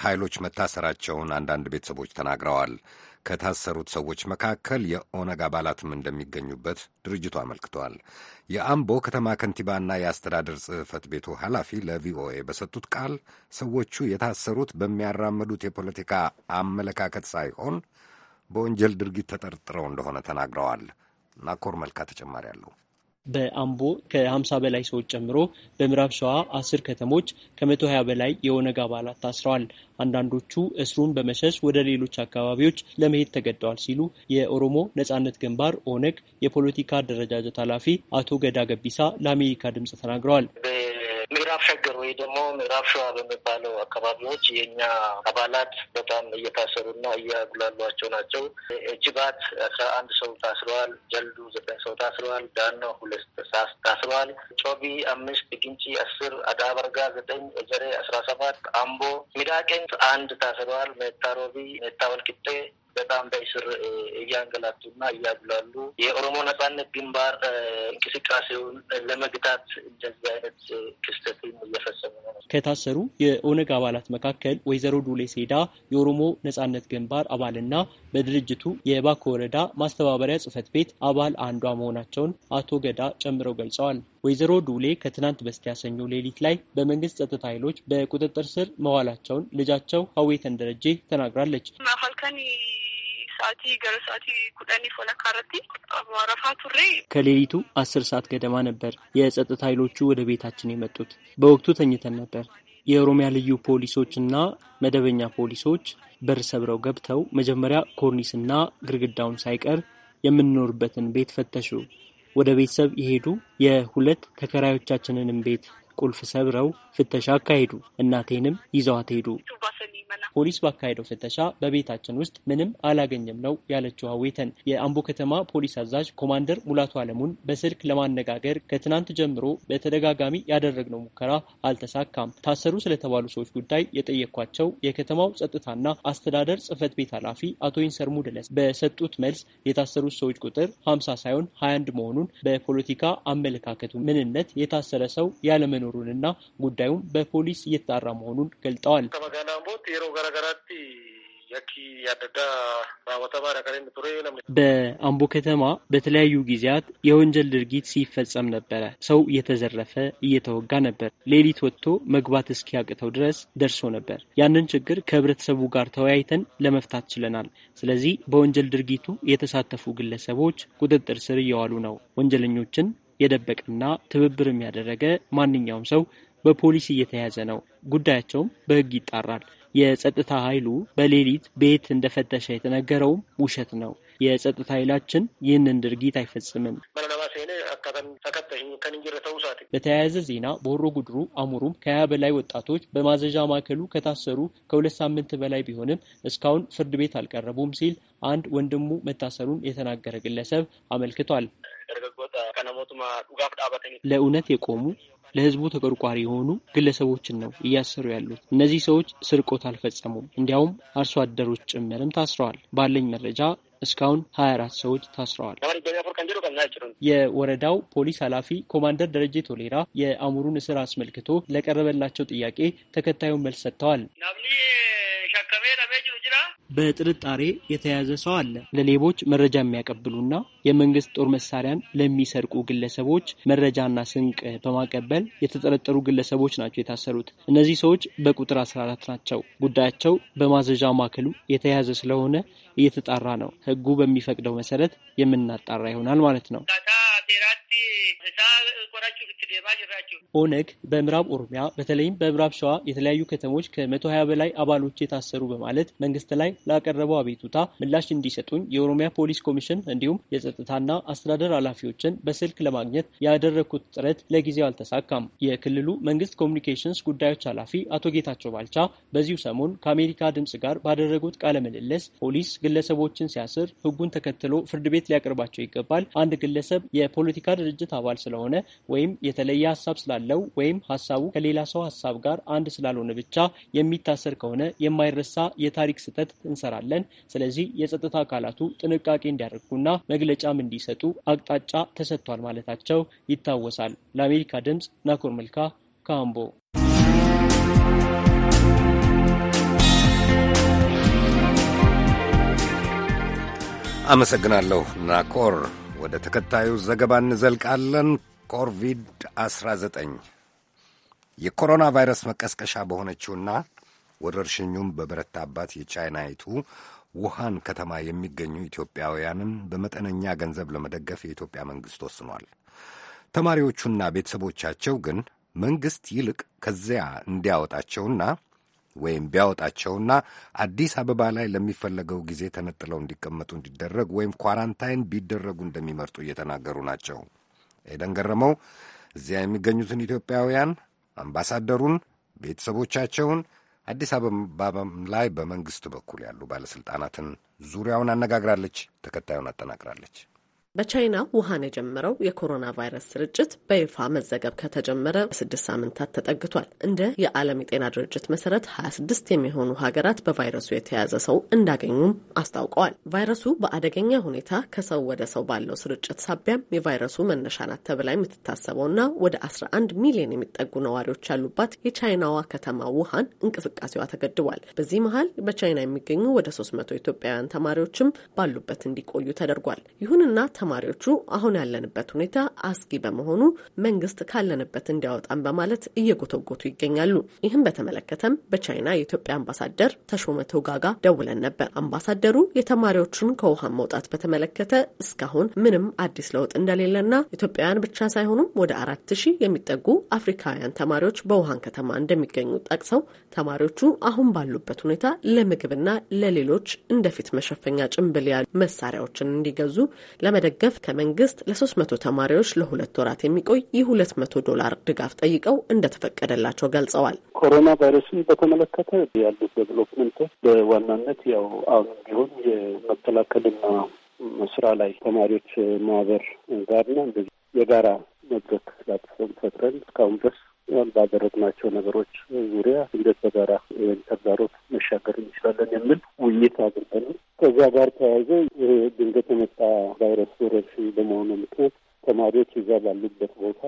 ኃይሎች መታሰራቸውን አንዳንድ ቤተሰቦች ተናግረዋል። ከታሰሩት ሰዎች መካከል የኦነግ አባላትም እንደሚገኙበት ድርጅቱ አመልክቷል። የአምቦ ከተማ ከንቲባና የአስተዳደር ጽሕፈት ቤቱ ኃላፊ ለቪኦኤ በሰጡት ቃል ሰዎቹ የታሰሩት በሚያራምዱት የፖለቲካ አመለካከት ሳይሆን በወንጀል ድርጊት ተጠርጥረው እንደሆነ ተናግረዋል። ናኮር መልካ ተጨማሪ አለው። በአምቦ ከ50 በላይ ሰዎች ጨምሮ በምዕራብ ሸዋ አስር ከተሞች ከ120 በላይ የኦነግ አባላት ታስረዋል። አንዳንዶቹ እስሩን በመሸሽ ወደ ሌሎች አካባቢዎች ለመሄድ ተገደዋል ሲሉ የኦሮሞ ነጻነት ግንባር ኦነግ የፖለቲካ አደረጃጀት ኃላፊ አቶ ገዳ ገቢሳ ለአሜሪካ ድምፅ ተናግረዋል። ምዕራብ ሸገር ወይ ደግሞ ምዕራብ ሸዋ በሚባለው አካባቢዎች የእኛ አባላት በጣም እየታሰሩና እያጉላሏቸው ናቸው። እጅባት አስራ አንድ ሰው ታስረዋል። ጀልዱ ዘጠኝ ሰው ታስረዋል። ዳኖ ሁለት ሳስ ታስረዋል። ጮቢ አምስት፣ ግንጪ አስር፣ አዳበርጋ ዘጠኝ፣ ወጀሬ አስራ ሰባት፣ አምቦ ሚዳቄን አንድ ታስረዋል። ሜታ ሮቢ፣ ሜታ ወልቂጤ በጣም በእስር እያንገላቱና እያጉላሉ የኦሮሞ ነጻነት ግንባር እንቅስቃሴውን ለመግታት እንደዚህ አይነት ክስተትን እየፈጸሙ ነው። ከታሰሩ የኦነግ አባላት መካከል ወይዘሮ ዱሌ ሴዳ የኦሮሞ ነጻነት ግንባር አባልና በድርጅቱ የባኮ ወረዳ ማስተባበሪያ ጽህፈት ቤት አባል አንዷ መሆናቸውን አቶ ገዳ ጨምረው ገልጸዋል። ወይዘሮ ዱሌ ከትናንት በስቲያ ሰኞ ሌሊት ላይ በመንግስት ጸጥታ ኃይሎች በቁጥጥር ስር መዋላቸውን ልጃቸው ሀዌተን ደረጀ ተናግራለች። ከሌሊቱ አስር ሰዓት ገደማ ነበር የጸጥታ ኃይሎቹ ወደ ቤታችን የመጡት። በወቅቱ ተኝተን ነበር። የኦሮሚያ ልዩ ፖሊሶችና መደበኛ ፖሊሶች በር ሰብረው ገብተው መጀመሪያ ኮርኒስና ግድግዳውን ሳይቀር የምንኖርበትን ቤት ፈተሹ። ወደ ቤተሰብ የሄዱ የሁለት ተከራዮቻችንንም ቤት ቁልፍ ሰብረው ፍተሻ አካሄዱ። እናቴንም ይዘዋት ሄዱ። ፖሊስ ባካሄደው ፍተሻ በቤታችን ውስጥ ምንም አላገኘም ነው ያለችው አዌተን። የአምቦ ከተማ ፖሊስ አዛዥ ኮማንደር ሙላቱ አለሙን በስልክ ለማነጋገር ከትናንት ጀምሮ በተደጋጋሚ ያደረግነው ሙከራ አልተሳካም። ታሰሩ ስለተባሉ ሰዎች ጉዳይ የጠየኳቸው የከተማው ጸጥታና አስተዳደር ጽህፈት ቤት ኃላፊ አቶ ኢንሰር ሙድለስ በሰጡት መልስ የታሰሩት ሰዎች ቁጥር ሀምሳ ሳይሆን ሀያ አንድ መሆኑን በፖለቲካ አመለካከቱ ምንነት የታሰረ ሰው ያለመኖሩ መኖሩንና ጉዳዩን በፖሊስ እየተጣራ መሆኑን ገልጠዋል። በአምቦ ከተማ በተለያዩ ጊዜያት የወንጀል ድርጊት ሲፈጸም ነበረ። ሰው እየተዘረፈ እየተወጋ ነበር። ሌሊት ወጥቶ መግባት እስኪያቅተው ድረስ ደርሶ ነበር። ያንን ችግር ከህብረተሰቡ ጋር ተወያይተን ለመፍታት ችለናል። ስለዚህ በወንጀል ድርጊቱ የተሳተፉ ግለሰቦች ቁጥጥር ስር እየዋሉ ነው። ወንጀለኞችን የደበቀና ትብብርም ያደረገ ማንኛውም ሰው በፖሊስ እየተያዘ ነው። ጉዳያቸውም በሕግ ይጣራል። የጸጥታ ኃይሉ በሌሊት ቤት እንደፈተሸ የተነገረውም ውሸት ነው። የጸጥታ ኃይላችን ይህንን ድርጊት አይፈጽምም። በተያያዘ ዜና በሆሮ ጉድሩ አሙሩም ከሀያ በላይ ወጣቶች በማዘዣ ማዕከሉ ከታሰሩ ከሁለት ሳምንት በላይ ቢሆንም እስካሁን ፍርድ ቤት አልቀረቡም ሲል አንድ ወንድሙ መታሰሩን የተናገረ ግለሰብ አመልክቷል። ለእውነት የቆሙ ለህዝቡ ተቆርቋሪ የሆኑ ግለሰቦችን ነው እያሰሩ ያሉት። እነዚህ ሰዎች ስርቆት አልፈጸሙም። እንዲያውም አርሶ አደሮች ጭምርም ታስረዋል። ባለኝ መረጃ እስካሁን 24 ሰዎች ታስረዋል። የወረዳው ፖሊስ ኃላፊ ኮማንደር ደረጀ ቶሌራ የአሙሩን እስር አስመልክቶ ለቀረበላቸው ጥያቄ ተከታዩን መልስ ሰጥተዋል። በጥርጣሬ የተያዘ ሰው አለ። ለሌቦች መረጃ የሚያቀብሉና የመንግስት ጦር መሳሪያን ለሚሰርቁ ግለሰቦች መረጃና ስንቅ በማቀበል የተጠረጠሩ ግለሰቦች ናቸው የታሰሩት። እነዚህ ሰዎች በቁጥር 14 ናቸው። ጉዳያቸው በማዘዣ ማዕከሉ የተያዘ ስለሆነ እየተጣራ ነው። ህጉ በሚፈቅደው መሰረት የምናጣራ ይሆናል ማለት ነው። ኦነግ በምዕራብ ኦሮሚያ በተለይም በምዕራብ ሸዋ የተለያዩ ከተሞች ከመቶ ሀያ በላይ አባሎች የታሰሩ በማለት መንግስት ላይ ላቀረበው አቤቱታ ምላሽ እንዲሰጡኝ የኦሮሚያ ፖሊስ ኮሚሽን እንዲሁም የጸጥታና አስተዳደር ኃላፊዎችን በስልክ ለማግኘት ያደረግኩት ጥረት ለጊዜው አልተሳካም። የክልሉ መንግስት ኮሚኒኬሽንስ ጉዳዮች ኃላፊ አቶ ጌታቸው ባልቻ በዚሁ ሰሞን ከአሜሪካ ድምጽ ጋር ባደረጉት ቃለ ምልልስ ፖሊስ ግለሰቦችን ሲያስር ህጉን ተከትሎ ፍርድ ቤት ሊያቀርባቸው ይገባል፣ አንድ ግለሰብ የፖለቲካ ድርጅት አባል ስለሆነ ወይም የተለየ ሀሳብ ስላለው ወይም ሀሳቡ ከሌላ ሰው ሀሳብ ጋር አንድ ስላልሆነ ብቻ የሚታሰር ከሆነ የማይረሳ የታሪክ ስህተት እንሰራለን። ስለዚህ የጸጥታ አካላቱ ጥንቃቄ እንዲያደርጉና መግለጫም እንዲሰጡ አቅጣጫ ተሰጥቷል ማለታቸው ይታወሳል። ለአሜሪካ ድምፅ ናኮር መልካ ካምቦ። አመሰግናለሁ ናኮር። ወደ ተከታዩ ዘገባ እንዘልቃለን። ኮቪድ-19 የኮሮና ቫይረስ መቀስቀሻ በሆነችውና ወረርሽኙም በበረታባት የቻይናይቱ ውሃን ከተማ የሚገኙ ኢትዮጵያውያንን በመጠነኛ ገንዘብ ለመደገፍ የኢትዮጵያ መንግሥት ወስኗል። ተማሪዎቹና ቤተሰቦቻቸው ግን መንግሥት ይልቅ ከዚያ እንዲያወጣቸውና ወይም ቢያወጣቸውና አዲስ አበባ ላይ ለሚፈለገው ጊዜ ተነጥለው እንዲቀመጡ እንዲደረግ ወይም ኳራንታይን ቢደረጉ እንደሚመርጡ እየተናገሩ ናቸው። ኤደን ገረመው እዚያ የሚገኙትን ኢትዮጵያውያን፣ አምባሳደሩን፣ ቤተሰቦቻቸውን አዲስ አበባም ላይ በመንግስት በኩል ያሉ ባለሥልጣናትን ዙሪያውን አነጋግራለች። ተከታዩን አጠናቅራለች። በቻይና ውሃን የጀመረው የኮሮና ቫይረስ ስርጭት በይፋ መዘገብ ከተጀመረ ስድስት ሳምንታት ተጠግቷል። እንደ የዓለም የጤና ድርጅት መሰረት 26 የሚሆኑ ሀገራት በቫይረሱ የተያዘ ሰው እንዳገኙም አስታውቀዋል። ቫይረሱ በአደገኛ ሁኔታ ከሰው ወደ ሰው ባለው ስርጭት ሳቢያም የቫይረሱ መነሻ ናት ተብላ የምትታሰበውና ወደ 11 ሚሊዮን የሚጠጉ ነዋሪዎች ያሉባት የቻይናዋ ከተማ ውሃን እንቅስቃሴዋ ተገድቧል። በዚህ መሀል በቻይና የሚገኙ ወደ 300 ኢትዮጵያውያን ተማሪዎችም ባሉበት እንዲቆዩ ተደርጓል። ይሁንና ተማሪዎቹ አሁን ያለንበት ሁኔታ አስጊ በመሆኑ መንግስት ካለንበት እንዲያወጣን በማለት እየጎተጎቱ ይገኛሉ። ይህም በተመለከተም በቻይና የኢትዮጵያ አምባሳደር ተሾመ ቶጋጋ ደውለን ነበር። አምባሳደሩ የተማሪዎቹን ከውሃን መውጣት በተመለከተ እስካሁን ምንም አዲስ ለውጥ እንደሌለና ኢትዮጵያውያን ብቻ ሳይሆኑም ወደ አራት ሺህ የሚጠጉ አፍሪካውያን ተማሪዎች በውሃን ከተማ እንደሚገኙ ጠቅሰው ተማሪዎቹ አሁን ባሉበት ሁኔታ ለምግብና ለሌሎች እንደፊት መሸፈኛ ጭንብል ያሉ መሳሪያዎችን እንዲገዙ ለመደ ለመደገፍ ከመንግስት ለ300 ተማሪዎች ለሁለት ወራት የሚቆይ የ200 ዶላር ድጋፍ ጠይቀው እንደተፈቀደላቸው ገልጸዋል። ኮሮና ቫይረስን በተመለከተ ያሉት ዴቨሎፕመንቶች በዋናነት ያው አሁን ቢሆን የመከላከልና ስራ ላይ ተማሪዎች ማህበር ጋርና እንደዚህ የጋራ መድረክ ፕላትፎርም ፈጥረን እስካሁን ድረስ ባደረግናቸው ነገሮች ዙሪያ እንዴት በጋራ ይህን ተግዳሮት መሻገር እንችላለን የሚል ውይይት አድርገን ከዚያ ጋር ተያይዞ ይሄ ድንገት የመጣ ቫይረስ ወረርሽኝ በመሆኑ ምክንያት ተማሪዎች እዛ ባሉበት ቦታ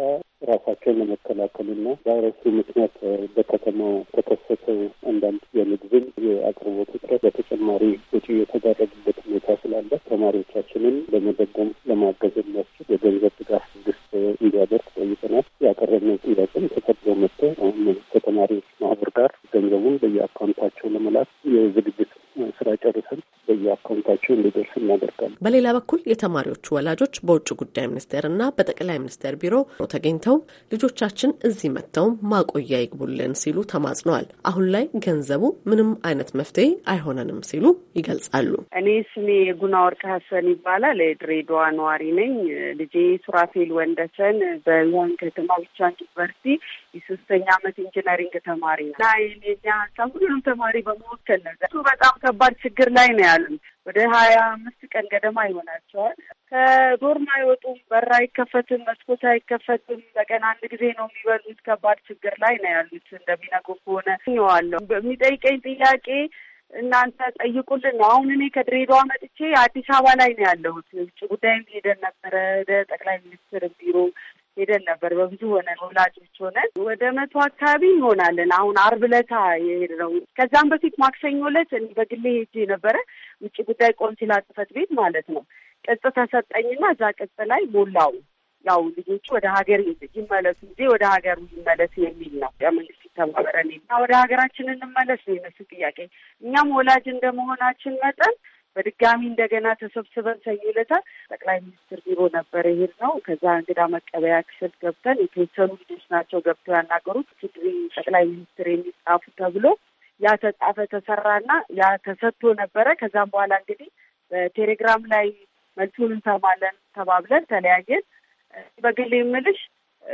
ራሳቸውን ለመከላከልና ቫይረሱ ምክንያት በከተማው ተከሰተው አንዳንድ የምግብን የአቅርቦት እጥረት በተጨማሪ ወጪ የተዳረጉበት ሁኔታ ስላለ ተማሪዎቻችንን ለመደጎም ለማገዝ የሚያስችል የገንዘብ ድጋፍ መንግስት እንዲያደርግ ጠይቀናል። ያቀረብነው ጥያቄም ተፈቅዶ መጥቶ አሁን ከተማሪዎች ማህበር ጋር ገንዘቡን በየአካውንታቸው ለመላክ የዝግጅት ስራ ጨርሰን በየአካውንታቸው እንዲደርስ እናደርጋለን። በሌላ በኩል የተማሪዎቹ ወላጆች በውጭ ጉዳይ ሚኒስቴር ሚኒስቴርና በጠቅላይ ሚኒስቴር ቢሮ ተገኝተው ልጆቻችን እዚህ መጥተው ማቆያ ይግቡልን ሲሉ ተማጽነዋል። አሁን ላይ ገንዘቡ ምንም አይነት መፍትሄ አይሆነንም ሲሉ ይገልጻሉ። እኔ ስሜ የጉና ወርቅ ሀሰን ይባላል። የድሬዳዋ ነዋሪ ነኝ። ልጄ ሱራፌል ወንደሰን በዩሃን ከተማ ብቻ ዩኒቨርሲቲ የሶስተኛ ዓመት ኢንጂነሪንግ ተማሪ ነው እና የኔ ሀሳብ ሁሉንም ተማሪ በመወከል ነው። እሱ በጣም ከባድ ችግር ላይ ነው ያሉት ወደ ሀያ አምስት ቀን ገደማ ይሆናቸዋል። ከዶርም አይወጡም። በር አይከፈትም፣ መስኮት አይከፈትም። በቀን አንድ ጊዜ ነው የሚበሉት። ከባድ ችግር ላይ ነው ያሉት። እንደሚነጉ ከሆነ ኘዋለሁ በሚጠይቀኝ ጥያቄ እናንተ ጠይቁልን ነው። አሁን እኔ ከድሬዳዋ መጥቼ አዲስ አበባ ላይ ነው ያለሁት። ውጭ ጉዳይም ሄደን ነበረ፣ ወደ ጠቅላይ ሚኒስትር ቢሮ ሄደን ነበር። በብዙ ሆነን ወላጆች ሆነን ወደ መቶ አካባቢ እንሆናለን። አሁን አርብ ዕለት የሄድነው። ከዛም በፊት ማክሰኞ ዕለት በግሌ ሄጄ ነበረ ውጭ ጉዳይ ቆንሲላ ጽሕፈት ቤት ማለት ነው። ቅጽ ተሰጠኝና እዛ ቅጽ ላይ ሞላው። ያው ልጆቹ ወደ ሀገር ይመለሱ ጊዜ ወደ ሀገሩ ይመለስ የሚል ነው። መንግስት ይተባበረን እና ወደ ሀገራችን እንመለስ ነው ይመስል ጥያቄ። እኛም ወላጅ እንደመሆናችን መጠን በድጋሚ እንደገና ተሰብስበን ሰኞ ዕለት ጠቅላይ ሚኒስትር ቢሮ ነበር ይሄድ ነው። ከዛ እንግዳ መቀበያ ክፍል ገብተን የተወሰኑ ልጆች ናቸው ገብተው ያናገሩት ትግሪ ጠቅላይ ሚኒስትር የሚጻፉ ተብሎ ያ ተጻፈ ተሰራና ያ ተሰጥቶ ነበረ። ከዛም በኋላ እንግዲህ በቴሌግራም ላይ መልሱን እንሰማለን ተባብለን ተለያየን። በግል የምልሽ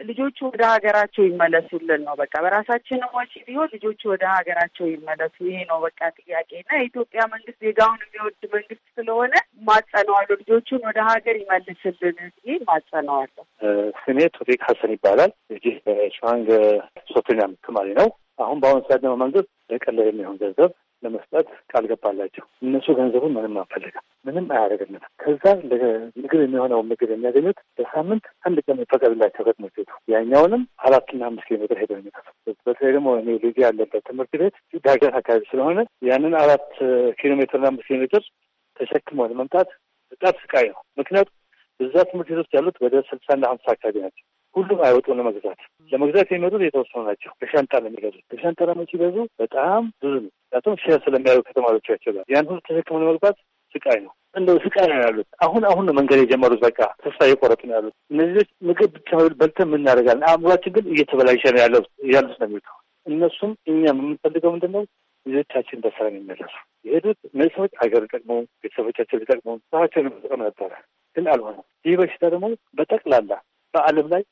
ልጆቹ ወደ ሀገራቸው ይመለሱልን ነው በቃ በራሳችንም ወጪ ቢሆን ልጆቹ ወደ ሀገራቸው ይመለሱ፣ ይሄ ነው በቃ ጥያቄ እና የኢትዮጵያ መንግስት ዜጋውን የሚወድ መንግስት ስለሆነ ማጸነዋለሁ፣ ልጆቹን ወደ ሀገር ይመልስልን ብዬ ማጸነዋለሁ። ስሜ ቶፊክ ሀሰን ይባላል። እዚህ በሸዋንግ ሶስተኛ ተማሪ ነው አሁን በአሁኑ ሰዓት ደግሞ መንግስት ለቀለብ የሚሆን ገንዘብ ለመስጠት ቃል ገባላቸው። እነሱ ገንዘቡን ምንም አንፈልግም፣ ምንም አያደርግልንም። ከዛ ምግብ የሚሆነው ምግብ የሚያገኙት በሳምንት አንድ ቀን ይፈቀድላቸው ከትምህርት ቤቱ ያኛውንም አራትና አምስት ኪሎ ሜትር ሄደው የሚጠ በተለይ ደግሞ እኔ ልጅ ያለበት ትምህርት ቤት ዳገት አካባቢ ስለሆነ ያንን አራት ኪሎ ሜትርና አምስት ኪሎ ሜትር ተሸክሞ ለመምጣት በጣም ስቃይ ነው። ምክንያቱም እዛ ትምህርት ቤት ውስጥ ያሉት ወደ ስልሳና ሀምሳ አካባቢ ናቸው። ሁሉም አይወጡ ለመግዛት ለመግዛት የሚመጡት የተወሰኑ ናቸው። በሻንጣ ነው የሚገዙት። በሻንጣ ደግሞ ሲገዙ በጣም ብዙ ነው። ምክንያቱም ሼር ስለሚያደርጉ ከተማሪዎቻቸው ጋር ያን ሁሉ ተሸክመው ለመግባት ስቃይ ነው። እንደው ስቃይ ነው ያሉት። አሁን አሁን ነው መንገድ የጀመሩት። በቃ ተስፋ እየቆረጡ ነው ያሉት። እነዚህ ምግብ ብቻ በልተን ምን እናደርጋለን? አእምሯችን ግን እየተበላሸ ነው ያሉት ነው የሚሉት። እነሱም እኛም የምንፈልገው ምንድን ነው? ልጆቻችን በሰላም የሚመለሱ የሄዱት እነዚህ ሰዎች ሀገር ጠቅሞ ቤተሰቦቻቸው ሊጠቅሙ ሰቸውን ጠቅም ነበረ፣ ግን አልሆነም። ይህ በሽታ ደግሞ በጠቅላላ በዓለም ላይ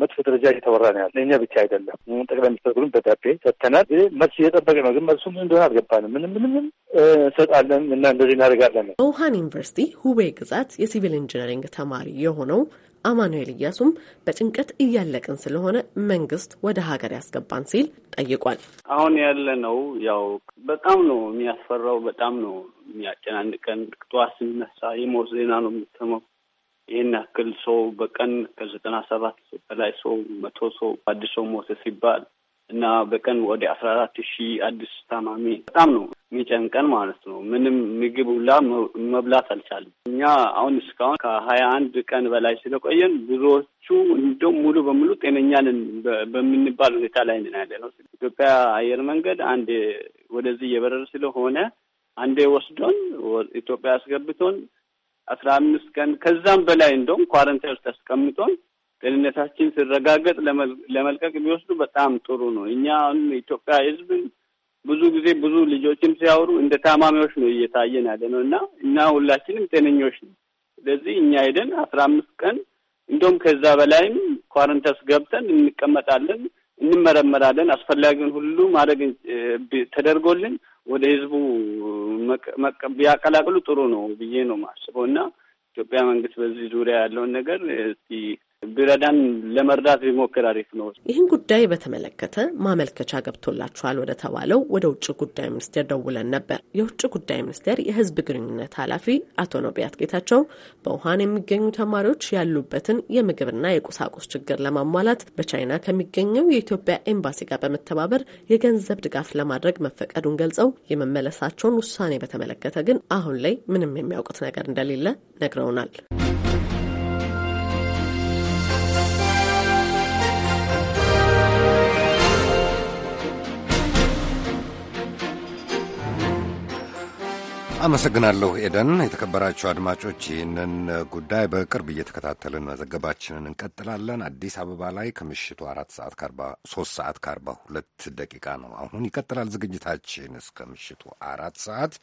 መጥፎ ደረጃ እየተወራ ነው ያለ እኛ ብቻ አይደለም። ጠቅላይ ሚኒስትር ጉሉም ደብዳቤ ሰጥተናል። መልስ እየጠበቀ ነው፣ ግን መልሱ ምን እንደሆነ አልገባንም። ምንም ምንም እንሰጣለን እና እንደዚህ እናደርጋለን። በውሃን ዩኒቨርሲቲ ሁቤ ግዛት የሲቪል ኢንጂነሪንግ ተማሪ የሆነው አማኑኤል እያሱም በጭንቀት እያለቅን ስለሆነ መንግስት ወደ ሀገር ያስገባን ሲል ጠይቋል። አሁን ያለ ነው ያው በጣም ነው የሚያስፈራው፣ በጣም ነው የሚያጨናንቀን። ጠዋት ስንነሳ የሞት ዜና ነው የምትሰማው ይህን ያክል ሰው በቀን ከዘጠና ሰባት በላይ ሰው መቶ ሰው አዲስ ሰው ሞተ ሲባል እና በቀን ወደ አስራ አራት ሺህ አዲስ ታማሚ በጣም ነው የሚጨንቀን ማለት ነው። ምንም ምግብ ሁላ መብላት አልቻለም። እኛ አሁን እስካሁን ከሀያ አንድ ቀን በላይ ስለቆየን ብዙዎቹ እንደም ሙሉ በሙሉ ጤነኛ ነን በምንባል ሁኔታ ላይ ነን ያለ ነው። ኢትዮጵያ አየር መንገድ አንዴ ወደዚህ እየበረረ ስለሆነ አንዴ ወስዶን ኢትዮጵያ አስገብቶን አስራ አምስት ቀን ከዛም በላይ እንደውም ኳረንታይን ውስጥ አስቀምጦን ጤንነታችን ሲረጋገጥ ለመልቀቅ ቢወስዱ በጣም ጥሩ ነው። እኛ አሁን የኢትዮጵያ ሕዝብ ብዙ ጊዜ ብዙ ልጆችም ሲያወሩ እንደ ታማሚዎች ነው እየታየን ያለ ነው እና እና ሁላችንም ጤነኞች ነው። ስለዚህ እኛ ሄደን አስራ አምስት ቀን እንደውም ከዛ በላይም ኳረንታይን ውስጥ ገብተን እንቀመጣለን። እንመረመራለን። አስፈላጊውን ሁሉ ማድረግ ተደርጎልን ወደ ህዝቡ ቢያቀላቅሉ ጥሩ ነው ብዬ ነው ማስበው እና ኢትዮጵያ መንግስት በዚህ ዙሪያ ያለውን ነገር እስቲ ቢረዳን ለመርዳት ቢሞክር አሪፍ ነው። ይህን ጉዳይ በተመለከተ ማመልከቻ ገብቶላችኋል ወደ ተባለው ወደ ውጭ ጉዳይ ሚኒስቴር ደውለን ነበር። የውጭ ጉዳይ ሚኒስቴር የህዝብ ግንኙነት ኃላፊ አቶ ነቢያት ጌታቸው በውሃን የሚገኙ ተማሪዎች ያሉበትን የምግብና የቁሳቁስ ችግር ለማሟላት በቻይና ከሚገኘው የኢትዮጵያ ኤምባሲ ጋር በመተባበር የገንዘብ ድጋፍ ለማድረግ መፈቀዱን ገልጸው የመመለሳቸውን ውሳኔ በተመለከተ ግን አሁን ላይ ምንም የሚያውቁት ነገር እንደሌለ ነግረውናል። አመሰግናለሁ ኤደን። የተከበራችሁ አድማጮች ይህንን ጉዳይ በቅርብ እየተከታተልን መዘገባችንን እንቀጥላለን። አዲስ አበባ ላይ ከምሽቱ አራት ሰዓት ከአርባ ሶስት ሰዓት ከአርባ ሁለት ደቂቃ ነው። አሁን ይቀጥላል ዝግጅታችን እስከ ምሽቱ አራት ሰዓት።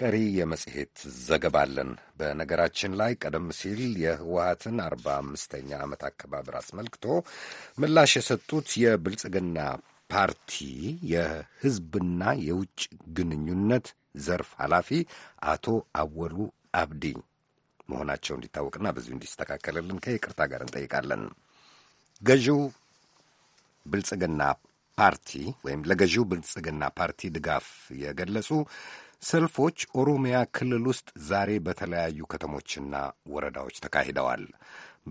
ቀሪ የመጽሔት ዘገባለን። በነገራችን ላይ ቀደም ሲል የህወሀትን አርባ አምስተኛ ዓመት አከባበር አስመልክቶ ምላሽ የሰጡት የብልጽግና ፓርቲ የህዝብና የውጭ ግንኙነት ዘርፍ ኃላፊ አቶ አወሉ አብዲ መሆናቸው እንዲታወቅና በዚሁ እንዲስተካከልልን ከይቅርታ ጋር እንጠይቃለን። ገዢው ብልጽግና ፓርቲ ወይም ለገዢው ብልጽግና ፓርቲ ድጋፍ የገለጹ ሰልፎች ኦሮሚያ ክልል ውስጥ ዛሬ በተለያዩ ከተሞችና ወረዳዎች ተካሂደዋል።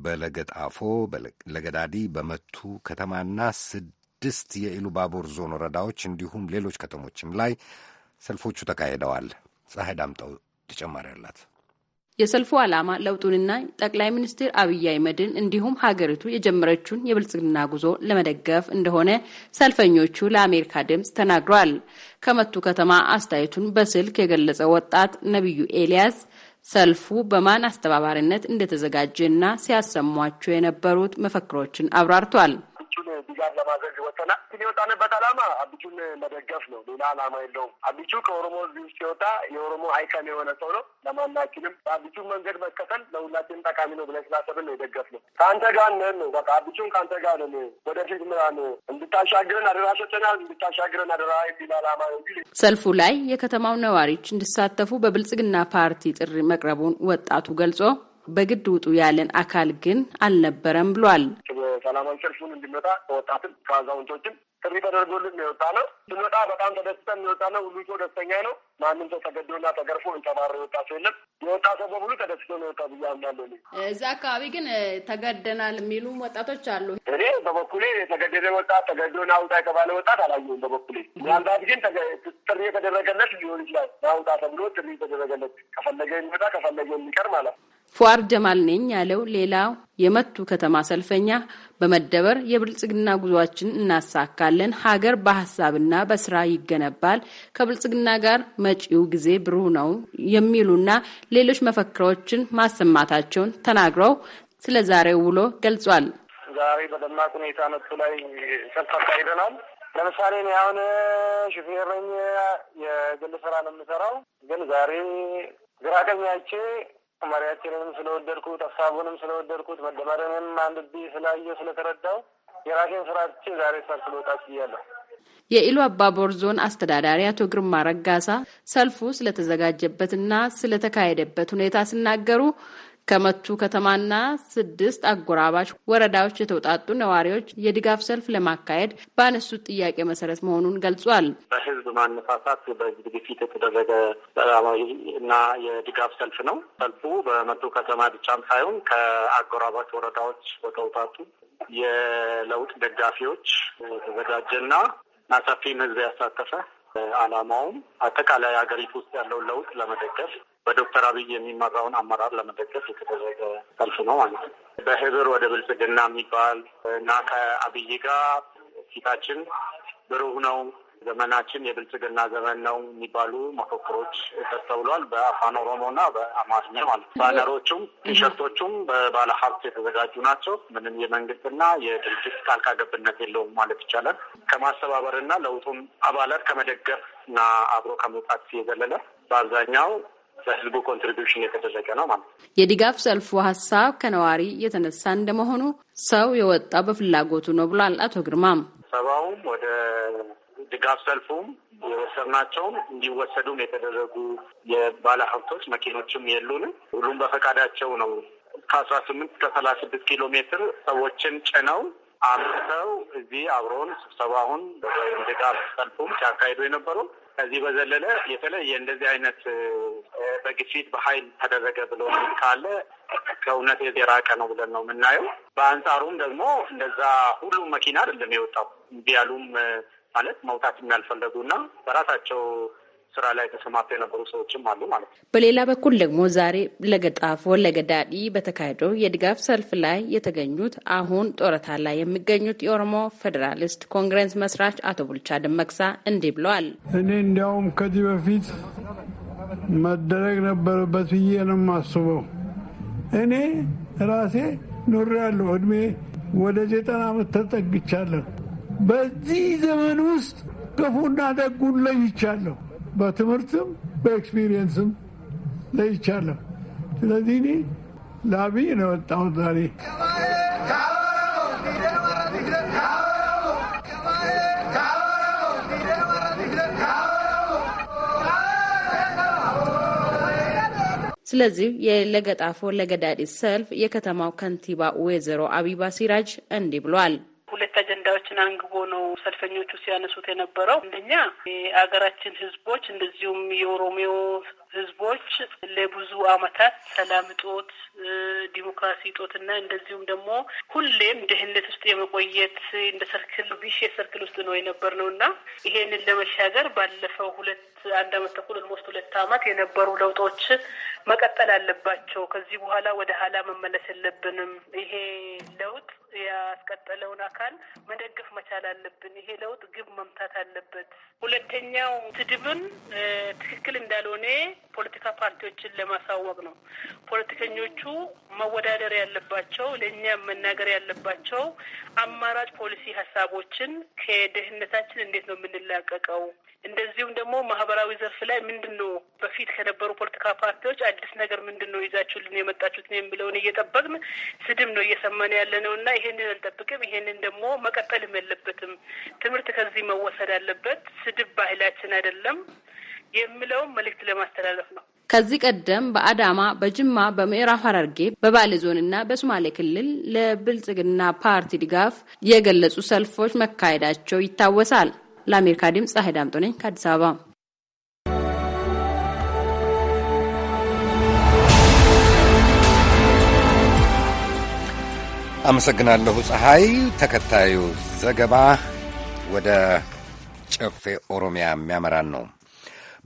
በለገጣፎ፣ ለገዳዲ፣ በመቱ ከተማና ስድስት የኢሉባቦር ዞን ወረዳዎች እንዲሁም ሌሎች ከተሞችም ላይ ሰልፎቹ ተካሂደዋል። ፀሐይ ዳምጠው ተጨማሪ አላት። የሰልፉ ዓላማ ለውጡንና ጠቅላይ ሚኒስትር አብይ አህመድን እንዲሁም ሀገሪቱ የጀመረችውን የብልጽግና ጉዞ ለመደገፍ እንደሆነ ሰልፈኞቹ ለአሜሪካ ድምፅ ተናግሯል። ከመቱ ከተማ አስተያየቱን በስልክ የገለጸ ወጣት ነቢዩ ኤልያስ ሰልፉ በማን አስተባባሪነት እንደተዘጋጀ እና ሲያሰሟቸው የነበሩት መፈክሮችን አብራርቷል። ድጋፍ ለማድረግ ወጥተናል። ግን የወጣንበት አላማ አብቹን መደገፍ ነው። ሌላ አላማ የለውም። አብቹ ከኦሮሞ ሕዝብ ውስጥ የወጣ የኦሮሞ አይከን የሆነ ሰው ነው። ለማናችንም በአብቹ መንገድ መከተል ለሁላችንም ጠቃሚ ነው ብለን ስላሰብን ነው የደገፍ ነው። ከአንተ ጋር ነን። በቃ አብቹን ከአንተ ጋር ነን። ወደፊት ምራን እንድታሻግረን አደራ ሰጥተናል። እንድታሻግረን አደራ የሚል አላማ ነው። ሰልፉ ላይ የከተማው ነዋሪዎች እንዲሳተፉ በብልጽግና ፓርቲ ጥሪ መቅረቡን ወጣቱ ገልጾ በግድ ውጡ ያለን አካል ግን አልነበረም ብሏል። ሰላማዊ ሰልፉን እንዲመጣ ከወጣትም ከአዛውንቶችም ጥሪ ተደርጎልን የወጣ ነው። ስንወጣ በጣም ተደስተን የወጣ ነው። ሁሉ ሰው ደስተኛ ነው። ማንም ሰው ተገዶና ተገርፎ እንተባረ የወጣ ሰው የለም። የወጣ ሰው በሙሉ ተደስቶ ነው የወጣው ብዬ አምናለሁ። እዛ አካባቢ ግን ተገደናል የሚሉ ወጣቶች አሉ። እኔ በበኩሌ የተገደደ ወጣት ተገዶና አውጣ የተባለ ወጣት አላየሁም። በበኩሌ ምናልባት ግን ጥሪ የተደረገለት ሊሆን ይችላል። አውጣ ተብሎ ጥሪ የተደረገለት ከፈለገ የሚወጣ ከፈለገ የሚቀር ማለት ነው። ፉአር ጀማል ነኝ ያለው ሌላው የመቱ ከተማ ሰልፈኛ በመደበር የብልጽግና ጉዟችን እናሳካለን፣ ሀገር በሀሳብና በስራ ይገነባል፣ ከብልጽግና ጋር መጪው ጊዜ ብሩህ ነው የሚሉና ሌሎች መፈክሮችን ማሰማታቸውን ተናግረው ስለ ዛሬው ውሎ ገልጿል። ዛሬ በደማቅ ሁኔታ መቱ ላይ ሰልፍ አካሂደናል። ለምሳሌ እኔ አሁን ሹፌር ነኝ። የግል ስራ ነው የምሰራው። ግን ዛሬ ግራ ቀኝ መሪያችንንም ስለወደድኩት፣ ሀሳቡንም ስለወደድኩት፣ መደመርንም አንድ ስላየው ስለተረዳው የራሴን ስራ ትቼ ዛሬ ሰልፍ ልወጣ ችያለሁ። የኢሉ አባቦር ዞን አስተዳዳሪ አቶ ግርማ ረጋሳ ሰልፉ ስለተዘጋጀበትና ስለተካሄደበት ሁኔታ ሲናገሩ ከመቱ ከተማና ስድስት አጎራባች ወረዳዎች የተውጣጡ ነዋሪዎች የድጋፍ ሰልፍ ለማካሄድ በአነሱት ጥያቄ መሰረት መሆኑን ገልጿል። በህዝብ ማነሳሳት በህዝብ ግፊት የተደረገ ሰላማዊ እና የድጋፍ ሰልፍ ነው። ሰልፉ በመቱ ከተማ ብቻም ሳይሆን ከአጎራባች ወረዳዎች በተውጣጡ የለውጥ ደጋፊዎች የተዘጋጀና እና ሰፊ ህዝብ ያሳተፈ አላማውም አጠቃላይ ሀገሪቱ ውስጥ ያለውን ለውጥ ለመደገፍ በዶክተር አብይ የሚመራውን አመራር ለመደገፍ የተደረገ ሰልፍ ነው ማለት ነው። በህብር ወደ ብልጽግና የሚባል እና ከአብይ ጋር ፊታችን ብሩህ ነው ዘመናችን የብልጽግና ዘመን ነው የሚባሉ መፈክሮች ተስተውሏል። በአፋን ኦሮሞና በአማርኛ ማለት ባነሮቹም ቲሸርቶቹም በባለ ሀብት የተዘጋጁ ናቸው። ምንም የመንግስትና የድርጅት ጣልቃ ገብነት የለውም ማለት ይቻላል። ከማስተባበርና ለውጡም አባላት ከመደገፍ እና አብሮ ከመውጣት የዘለለ በአብዛኛው በህዝቡ ኮንትሪቢሽን የተደረገ ነው ማለት ነው። የድጋፍ ሰልፉ ሀሳብ ከነዋሪ የተነሳ እንደመሆኑ ሰው የወጣው በፍላጎቱ ነው ብሏል አቶ ግርማም። ሰባውም ወደ ድጋፍ ሰልፉም የወሰድናቸውም እንዲወሰዱም የተደረጉ የባለ ሀብቶች መኪኖችም የሉንም። ሁሉም በፈቃዳቸው ነው። ከአስራ ስምንት እስከ ስድስት ኪሎ ሜትር ሰዎችን ጭነው አምርተው እዚህ አብሮን ስብሰባውን ድጋፍ ሰልፉም ሲያካሂዱ የነበሩ ከዚህ በዘለለ የተለየ እንደዚህ አይነት በግፊት በኃይል ተደረገ ብሎ ካለ ከእውነት የራቀ ነው ብለን ነው የምናየው። በአንጻሩም ደግሞ እንደዛ ሁሉም መኪና አይደለም የወጣው እምቢ ያሉም ማለት መውጣት እና በራሳቸው ስራ ላይ ተሰማርተው የነበሩ ሰዎችም አሉ ማለት ነው። በሌላ በኩል ደግሞ ዛሬ ለገጣፎ ለገዳዲ በተካሄደው የድጋፍ ሰልፍ ላይ የተገኙት አሁን ጡረታ ላይ የሚገኙት የኦሮሞ ፌዴራሊስት ኮንግረስ መስራች አቶ ቡልቻ ደመቅሳ እንዲህ ብለዋል። እኔ እንዲያውም ከዚህ በፊት መደረግ ነበረበት ብዬ ነው የማስበው። እኔ ራሴ ኖሬያለሁ። እድሜ ወደ ዘጠና ዓመት ተጠግቻለሁ። በዚህ ዘመን ውስጥ ክፉና ደጉን ለይቻለሁ። በትምህርትም በኤክስፒሪየንስም ለይቻለሁ። ስለዚህ እኔ ለአብይ ነው የወጣሁት ዛሬ። ስለዚህ የለገጣፎ ለገዳዲ ሰልፍ የከተማው ከንቲባ ወይዘሮ አቢባ ሲራጅ እንዲህ ብሏል። ሁለት አጀንዳዎችን አንግቦ ነው ሰልፈኞቹ ሲያነሱት የነበረው። አንደኛ የአገራችን ህዝቦች እንደዚሁም የኦሮሚዮ ህዝቦች ለብዙ አመታት ሰላም እጦት፣ ዲሞክራሲ እና እንደዚሁም ደግሞ ሁሌም ድህነት ውስጥ የመቆየት እንደ ሰርክል ቪሼ ሰርክል ውስጥ ነው የነበር ነው እና ይሄንን ለመሻገር ባለፈው ሁለት አንድ አመት ተኩል ኦልሞስት ሁለት አመት የነበሩ ለውጦች መቀጠል አለባቸው። ከዚህ በኋላ ወደ ኋላ መመለስ የለብንም። ይሄ ለውጥ ያስቀጠለውን አካል መደገፍ መቻል አለብን። ይሄ ለውጥ ግብ መምታት አለበት። ሁለተኛው ስድብን ትክክል እንዳልሆነ ፖለቲካ ፓርቲዎችን ለማሳወቅ ነው። ፖለቲከኞቹ መወዳደር ያለባቸው ለእኛ መናገር ያለባቸው አማራጭ ፖሊሲ ሀሳቦችን ከድህነታችን እንዴት ነው የምንላቀቀው፣ እንደዚሁም ደግሞ ማህበራዊ ዘርፍ ላይ ምንድን ነው በፊት ከነበሩ ፖለቲካ ፓርቲዎች አዲስ ነገር ምንድን ነው ይዛችሁልን የመጣችሁት ነው የሚለውን እየጠበቅን ስድብ ነው እየሰማን ያለ ነው እና ይሄንን አልጠብቅም። ይሄንን ደግሞ መቀጠልም የለበትም። ትምህርት ከዚህ መወሰድ አለበት። ስድብ ባህላችን አይደለም። የሚለውን መልእክት ለማስተላለፍ ነው። ከዚህ ቀደም በአዳማ፣ በጅማ፣ በምዕራብ ሐረርጌ፣ በባሌ እና በሶማሌ ክልል ለብልጽግና ፓርቲ ድጋፍ የገለጹ ሰልፎች መካሄዳቸው ይታወሳል። ለአሜሪካ ድምፅ ፀሐይ ዳምጦ ነኝ ከአዲስ አበባ። አመሰግናለሁ ፀሐይ። ተከታዩ ዘገባ ወደ ጨፌ ኦሮሚያ የሚያመራን ነው።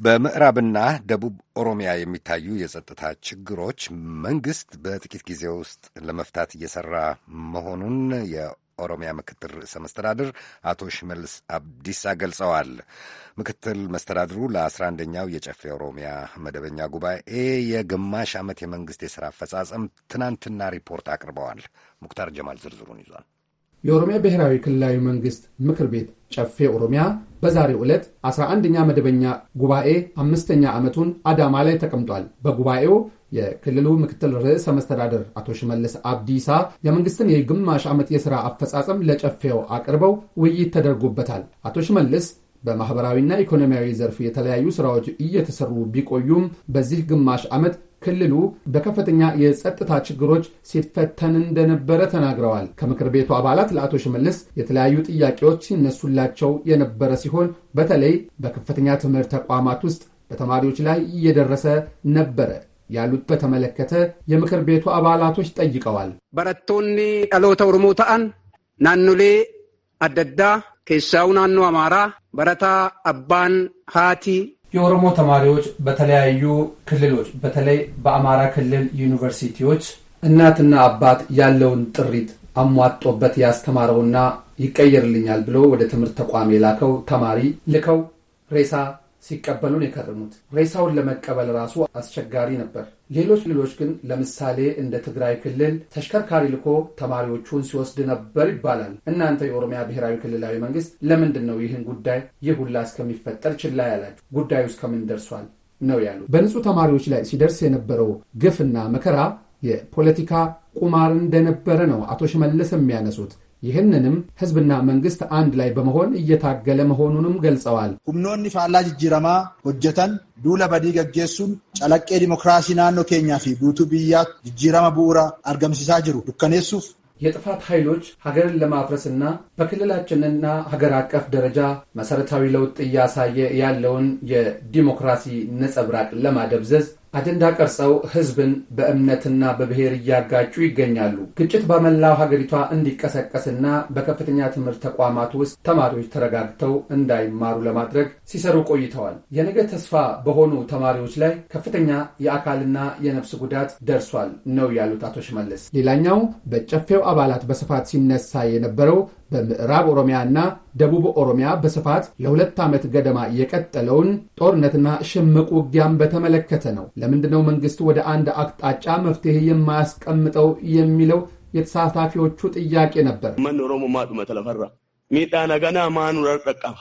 በምዕራብና ደቡብ ኦሮሚያ የሚታዩ የጸጥታ ችግሮች መንግስት በጥቂት ጊዜ ውስጥ ለመፍታት እየሰራ መሆኑን የኦሮሚያ ምክትል ርዕሰ መስተዳድር አቶ ሽመልስ አብዲሳ ገልጸዋል። ምክትል መስተዳድሩ ለ11ኛው የጨፌ ኦሮሚያ መደበኛ ጉባኤ የግማሽ ዓመት የመንግስት የሥራ አፈጻጸም ትናንትና ሪፖርት አቅርበዋል። ሙክታር ጀማል ዝርዝሩን ይዟል። የኦሮሚያ ብሔራዊ ክልላዊ መንግስት ምክር ቤት ጨፌ ኦሮሚያ በዛሬ ዕለት 11ኛ መደበኛ ጉባኤ አምስተኛ ዓመቱን አዳማ ላይ ተቀምጧል። በጉባኤው የክልሉ ምክትል ርዕሰ መስተዳደር አቶ ሽመልስ አብዲሳ የመንግስትን የግማሽ ዓመት የሥራ አፈጻጸም ለጨፌው አቅርበው ውይይት ተደርጎበታል። አቶ ሽመልስ በማኅበራዊና ኢኮኖሚያዊ ዘርፍ የተለያዩ ሥራዎች እየተሰሩ ቢቆዩም በዚህ ግማሽ ዓመት ክልሉ በከፍተኛ የጸጥታ ችግሮች ሲፈተን እንደነበረ ተናግረዋል። ከምክር ቤቱ አባላት ለአቶ ሽመልስ የተለያዩ ጥያቄዎች ሲነሱላቸው የነበረ ሲሆን በተለይ በከፍተኛ ትምህርት ተቋማት ውስጥ በተማሪዎች ላይ እየደረሰ ነበረ ያሉት በተመለከተ የምክር ቤቱ አባላቶች ጠይቀዋል። በረቶኒ ጠሎተ ኦሮሞ ተአን ናኑሌ አደዳ ኬሳው ናኑ አማራ በረታ አባን ሃቲ የኦሮሞ ተማሪዎች በተለያዩ ክልሎች በተለይ በአማራ ክልል ዩኒቨርሲቲዎች እናትና አባት ያለውን ጥሪት አሟጦበት ያስተማረውና ይቀየርልኛል ብሎ ወደ ትምህርት ተቋም የላከው ተማሪ ልከው ሬሳ ሲቀበሉን የከረሙት። ሬሳውን ለመቀበል ራሱ አስቸጋሪ ነበር። ሌሎች ክልሎች ግን ለምሳሌ እንደ ትግራይ ክልል ተሽከርካሪ ልኮ ተማሪዎቹን ሲወስድ ነበር ይባላል። እናንተ የኦሮሚያ ብሔራዊ ክልላዊ መንግስት ለምንድን ነው ይህን ጉዳይ ይህ ሁላ እስከሚፈጠር ችላ ያላችሁ? ጉዳዩ እስከምን ደርሷል ነው ያሉ። በንጹህ ተማሪዎች ላይ ሲደርስ የነበረው ግፍና መከራ የፖለቲካ ቁማር እንደነበረ ነው አቶ ሽመልስ የሚያነሱት። ይህንንም ህዝብና መንግስት አንድ ላይ በመሆን እየታገለ መሆኑንም ገልጸዋል። ሁምኖኒ ፋላ ጅጅረማ ሆጀተን ዱላ በዲ ገጌሱን ጨለቄ ዲሞክራሲ ናኖ ኬኛ ፊ ቡቱ ብያ ጅጅረማ ቡራ አርገምሲሳ ጅሩ ዱከኔሱፍ የጥፋት ኃይሎች ሀገርን ለማፍረስና በክልላችንና ሀገር አቀፍ ደረጃ መሰረታዊ ለውጥ እያሳየ ያለውን የዲሞክራሲ ነጸብራቅ ለማደብዘዝ አጀንዳ ቀርጸው ህዝብን በእምነትና በብሔር እያጋጩ ይገኛሉ። ግጭት በመላው ሀገሪቷ እንዲቀሰቀስና በከፍተኛ ትምህርት ተቋማት ውስጥ ተማሪዎች ተረጋግተው እንዳይማሩ ለማድረግ ሲሰሩ ቆይተዋል። የነገ ተስፋ በሆኑ ተማሪዎች ላይ ከፍተኛ የአካልና የነፍስ ጉዳት ደርሷል ነው ያሉት አቶ ሽመልስ። ሌላኛው በጨፌው አባላት በስፋት ሲነሳ የነበረው በምዕራብ ኦሮሚያና ደቡብ ኦሮሚያ በስፋት ለሁለት ዓመት ገደማ የቀጠለውን ጦርነትና ሽምቅ ውጊያም በተመለከተ ነው። ለምንድነው መንግስት ወደ አንድ አቅጣጫ መፍትሄ የማያስቀምጠው የሚለው የተሳታፊዎቹ ጥያቄ ነበር። መን ኦሮሞ ማጡመ ተለፈራ ሚዳነገና ማኑረር ጠቀባ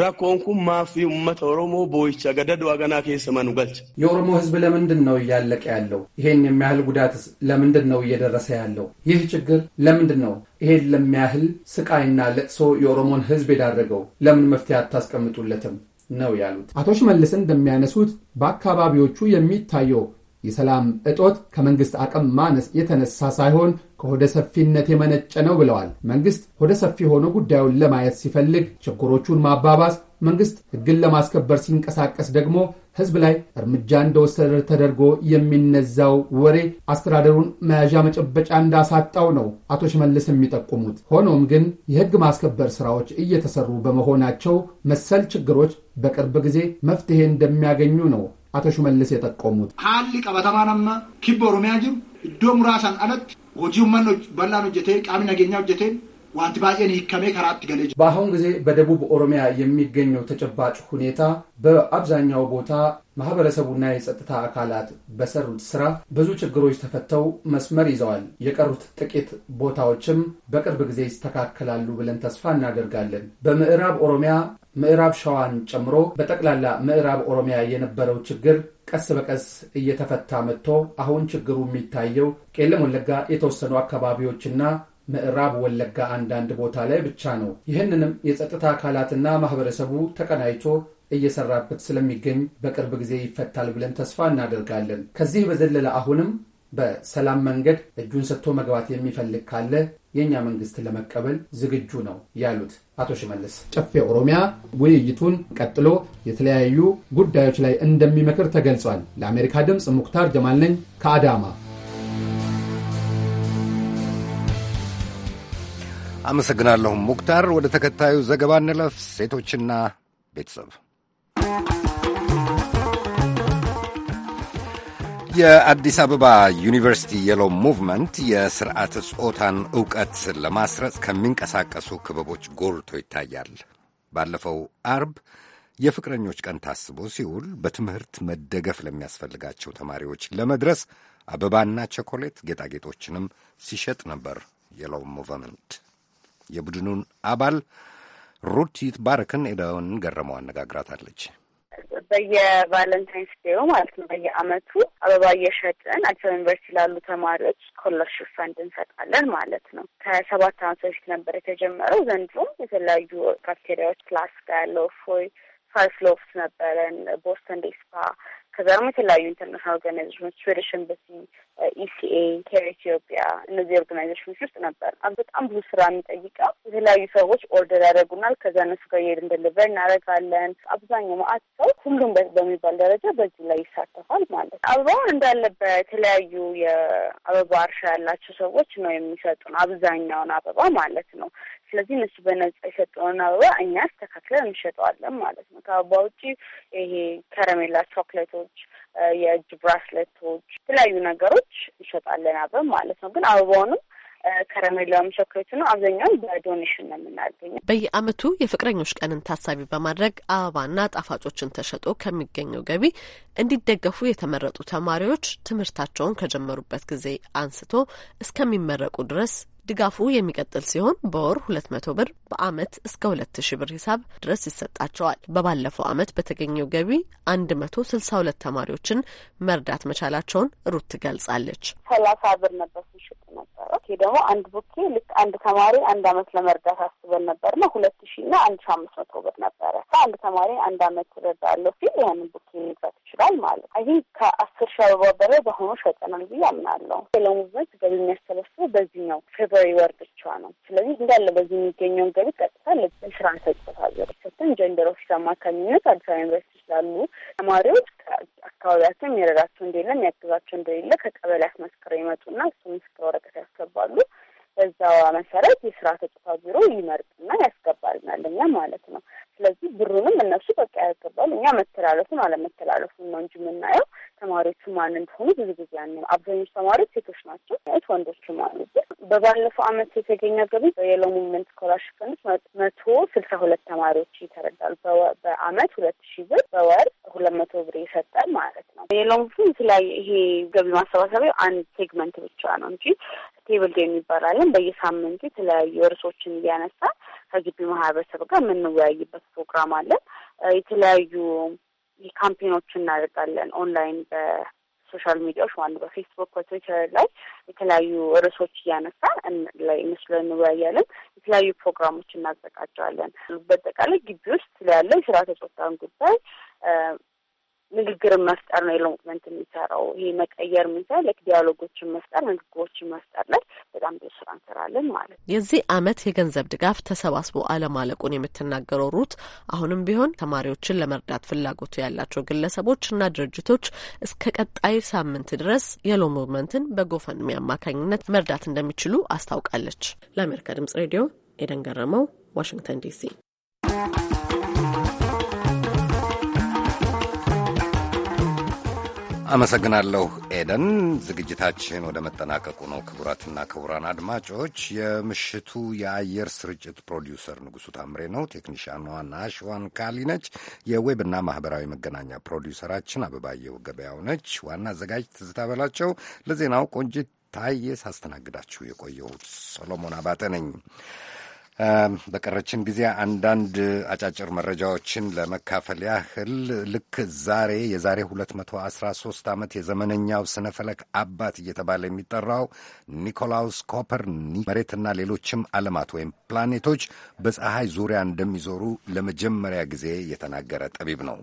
ራኮን ኩን ማፊ ኡመተ ኦሮሞ ቦይቻ ገደዶ አገና ኬሰ መኑ ገልቸ የኦሮሞ ህዝብ ለምንድን ነው እያለቀ ያለው? ይሄን የሚያህል ጉዳትስ ለምንድን ነው እየደረሰ ያለው? ይህ ችግር ለምንድን ነው ይሄን ለሚያህል ስቃይና ለቅሶ የኦሮሞን ህዝብ የዳረገው? ለምን መፍትሄ አታስቀምጡለትም ነው ያሉት። አቶ ሽመልስ እንደሚያነሱት በአካባቢዎቹ የሚታየው የሰላም እጦት ከመንግስት አቅም ማነስ የተነሳ ሳይሆን ከሆደ ሰፊነት የመነጨ ነው ብለዋል። መንግስት ሆደ ሰፊ ሆኖ ጉዳዩን ለማየት ሲፈልግ ችግሮቹን ማባባስ፣ መንግስት ህግን ለማስከበር ሲንቀሳቀስ ደግሞ ህዝብ ላይ እርምጃ እንደወሰደ ተደርጎ የሚነዛው ወሬ አስተዳደሩን መያዣ መጨበጫ እንዳሳጣው ነው አቶ ሽመልስ የሚጠቁሙት። ሆኖም ግን የህግ ማስከበር ስራዎች እየተሰሩ በመሆናቸው መሰል ችግሮች በቅርብ ጊዜ መፍትሄ እንደሚያገኙ ነው አቶ ሹመልስ የጠቆሙት ሀሊ ቀበተማናማ ኪቦ ኦሮሚያ ጅሩ እዶ ሙራሳን አለት ሆጂ መን በላን ጀቴ ቃሚ ነገኛ ጀቴ ዋንቲ ባየን ይከሜ ከራት ገለጅ በአሁን ጊዜ በደቡብ ኦሮሚያ የሚገኘው ተጨባጭ ሁኔታ በአብዛኛው ቦታ ማህበረሰቡና የጸጥታ አካላት በሰሩት ስራ ብዙ ችግሮች ተፈተው መስመር ይዘዋል። የቀሩት ጥቂት ቦታዎችም በቅርብ ጊዜ ይስተካከላሉ ብለን ተስፋ እናደርጋለን። በምዕራብ ኦሮሚያ ምዕራብ ሸዋን ጨምሮ በጠቅላላ ምዕራብ ኦሮሚያ የነበረው ችግር ቀስ በቀስ እየተፈታ መጥቶ አሁን ችግሩ የሚታየው ቄለም ወለጋ የተወሰኑ አካባቢዎችና ምዕራብ ወለጋ አንዳንድ ቦታ ላይ ብቻ ነው። ይህንንም የጸጥታ አካላትና ማህበረሰቡ ተቀናይቶ እየሰራበት ስለሚገኝ በቅርብ ጊዜ ይፈታል ብለን ተስፋ እናደርጋለን። ከዚህ በዘለለ አሁንም በሰላም መንገድ እጁን ሰጥቶ መግባት የሚፈልግ ካለ የእኛ መንግስትን ለመቀበል ዝግጁ ነው ያሉት አቶ ሽመልስ ጨፌ ኦሮሚያ ውይይቱን ቀጥሎ የተለያዩ ጉዳዮች ላይ እንደሚመክር ተገልጿል። ለአሜሪካ ድምፅ ሙክታር ጀማል ነኝ ከአዳማ አመሰግናለሁ ሙክታር። ወደ ተከታዩ ዘገባ እንለፍ። ሴቶችና ቤተሰብ የአዲስ አበባ ዩኒቨርሲቲ የሎ ሙቭመንት የስርዓተ ጾታን ዕውቀት ለማስረጽ ከሚንቀሳቀሱ ክበቦች ጎልቶ ይታያል። ባለፈው አርብ የፍቅረኞች ቀን ታስቦ ሲውል በትምህርት መደገፍ ለሚያስፈልጋቸው ተማሪዎች ለመድረስ አበባና ቸኮሌት ጌጣጌጦችንም ሲሸጥ ነበር። የሎ ሙቭመንት የቡድኑን አባል ሩት ይትባረክን ኤዳውን ገረመው አነጋግራታለች። በየቫለንታይንስ ዴው ማለት ነው በየአመቱ አበባ እየሸጥን አዲስ አበባ ዩኒቨርሲቲ ላሉ ተማሪዎች ስኮላርሽፕ ፈንድ እንሰጣለን ማለት ነው። ከሰባት አመት በፊት ነበር የተጀመረው። ዘንድሮም የተለያዩ ካፍቴሪያዎች ክላስ ጋር ያለው ፎይ ፋይፍ ሎፍት ነበረን ቦስተን ዴስፓ ከዛ ደግሞ የተለያዩ ኢንተርናሽናል ኦርጋናይዜሽኖች ስዊዲሽ ኤምባሲ፣ ኢሲኤ፣ ኬር ኢትዮጵያ እነዚህ ኦርጋናይዜሽኖች ውስጥ ነበር። በጣም ብዙ ስራ የሚጠይቀው የተለያዩ ሰዎች ኦርደር ያደርጉናል። ከዛ እነሱ ጋር የሄድን ደልበር እናደርጋለን። አብዛኛው ማአት ሰው ሁሉም በሚባል ደረጃ በዚህ ላይ ይሳተፋል ማለት ነው። አበባውን እንዳለበት የተለያዩ የአበባ እርሻ ያላቸው ሰዎች ነው የሚሰጡን አብዛኛውን አበባ ማለት ነው። ስለዚህ እነሱ በነጻ የሰጠውን አበባ እኛ አስተካክለን እንሸጠዋለን ማለት ነው። ከአበባ ውጪ ይሄ ከረሜላ፣ ቾክሌቶች፣ የእጅ ብራስሌቶች፣ የተለያዩ ነገሮች እንሸጣለን አብረን ማለት ነው። ግን አበባውንም ከረሜላም ቸኮሌቱ ነው አብዛኛውን በዶኔሽን ነው የምናገኘው። በየአመቱ የፍቅረኞች ቀንን ታሳቢ በማድረግ አበባና ጣፋጮችን ተሸጦ ከሚገኘው ገቢ እንዲደገፉ የተመረጡ ተማሪዎች ትምህርታቸውን ከጀመሩበት ጊዜ አንስቶ እስከሚመረቁ ድረስ ድጋፉ የሚቀጥል ሲሆን በወር ሁለት መቶ ብር በአመት እስከ ሁለት ሺ ብር ሂሳብ ድረስ ይሰጣቸዋል። በባለፈው አመት በተገኘው ገቢ አንድ መቶ ስልሳ ሁለት ተማሪዎችን መርዳት መቻላቸውን ሩት ትገልጻለች። ሰላሳ ብር ነበር ሲሽጥ ነበረ። ይሄ ደግሞ አንድ ቡኬ ልክ አንድ ተማሪ አንድ አመት ለመርዳት አስበን ነበር ነው ሁለት ሺ ና አንድ ሺ አምስት መቶ ብር ነበረ። አንድ ተማሪ አንድ አመት ረዳለሁ ሲል ያንን ቡኬ መግዛት ይችላል ማለት አይ ከአስር ሺ አበባ በላይ በአሁኑ ሸጠናል ብዬ አምናለሁ። ሌላው ሙቭመንት ገቢ የሚያሰበስበው በዚህኛው ፌቨ ቴምፖራሪ ወር ብቻ ነው። ስለዚህ እንዳለ በዚህ የሚገኘውን ገቢ ቀጥታ ለስራ ተጽፋ ዘርሰትን ጀንደር ኦፊስ አማካኝነት አዲስ አበባ ዩኒቨርሲቲ ስላሉ ተማሪዎች አካባቢያቸው የሚረዳቸው እንደሌለ የሚያግዛቸው እንደሌለ ከቀበሌ አስመስክረው ይመጡና እሱ ምስክር ወረቀት ያስገባሉ። በዛ መሰረት የስራ ተጽፋ ቢሮ ይመርጥና ያስገባልናል እኛ ማለት ነው። ስለዚህ ብሩንም እነሱ በቃ ያስገባሉ። እኛ መተላለፉን አለመተላለፉን ነው እንጂ የምናየው ተማሪዎቹ ማን እንደሆኑ ብዙ ጊዜ ያነ አብዛኞቹ ተማሪዎች ሴቶች ናቸው ት ወንዶችም አሉብን በባለፈው አመት የተገኘ ገቢ የሎ ሙቭመንት ስኮላርሽፕ መቶ ስልሳ ሁለት ተማሪዎች ይተረዳል። በአመት ሁለት ሺ ብር በወር ሁለት መቶ ብር ይሰጣል ማለት ነው። የሎ ሙቭመንት ላይ ይሄ ገቢ ማሰባሰቢያ አንድ ሴግመንት ብቻ ነው እንጂ ቴብል ዴይ የሚባላለን በየሳምንቱ የተለያዩ እርሶችን እያነሳ ከግቢ ማህበረሰብ ጋር የምንወያይበት ፕሮግራም አለን። የተለያዩ ካምፔኖች እናደርጋለን ኦንላይን ሶሻል ሚዲያዎች ማለት በፌስቡክ በትዊተር ላይ የተለያዩ ርዕሶች እያነሳ ላይ ምስሉ እንወያያለን። የተለያዩ ፕሮግራሞች እናዘጋጀዋለን። በጠቃላይ ግቢ ውስጥ ያለው የስራ ተጾታን ጉዳይ ንግግርን መፍጠር ነው የሎንግመንት የሚሰራው። ይሄ መቀየር የሚሰራ ላይክ ዲያሎጎችን መፍጠር፣ ንግግሮችን መፍጠር ላይ በጣም ብዙ ስራ እንሰራለን ማለት ነው። የዚህ አመት የገንዘብ ድጋፍ ተሰባስቦ አለማለቁን የምትናገረው ሩት፣ አሁንም ቢሆን ተማሪዎችን ለመርዳት ፍላጎቱ ያላቸው ግለሰቦች እና ድርጅቶች እስከ ቀጣይ ሳምንት ድረስ የሎንግመንትን በጎፈንድሚ አማካኝነት መርዳት እንደሚችሉ አስታውቃለች። ለአሜሪካ ድምጽ ሬዲዮ ኤደን ገረመው፣ ዋሽንግተን ዲሲ አመሰግናለሁ ኤደን። ዝግጅታችን ወደ መጠናቀቁ ነው። ክቡራትና ክቡራን አድማጮች የምሽቱ የአየር ስርጭት ፕሮዲውሰር ንጉሱ ታምሬ ነው። ቴክኒሻኗ ናሽዋን ካሊ ነች። የዌብና ማህበራዊ መገናኛ ፕሮዲውሰራችን አበባየው ገበያው ነች። ዋና አዘጋጅ ትዝታ በላቸው፣ ለዜናው ቆንጂት ታዬ፣ ሳስተናግዳችሁ የቆየሁት ሰሎሞን አባተ ነኝ። በቀረችን ጊዜ አንዳንድ አጫጭር መረጃዎችን ለመካፈል ያህል ልክ ዛሬ የዛሬ 213 ዓመት የዘመነኛው ስነፈለክ አባት እየተባለ የሚጠራው ኒኮላውስ ኮፐርኒክ መሬትና ሌሎችም ዓለማት ወይም ፕላኔቶች በፀሐይ ዙሪያ እንደሚዞሩ ለመጀመሪያ ጊዜ የተናገረ ጠቢብ ነው።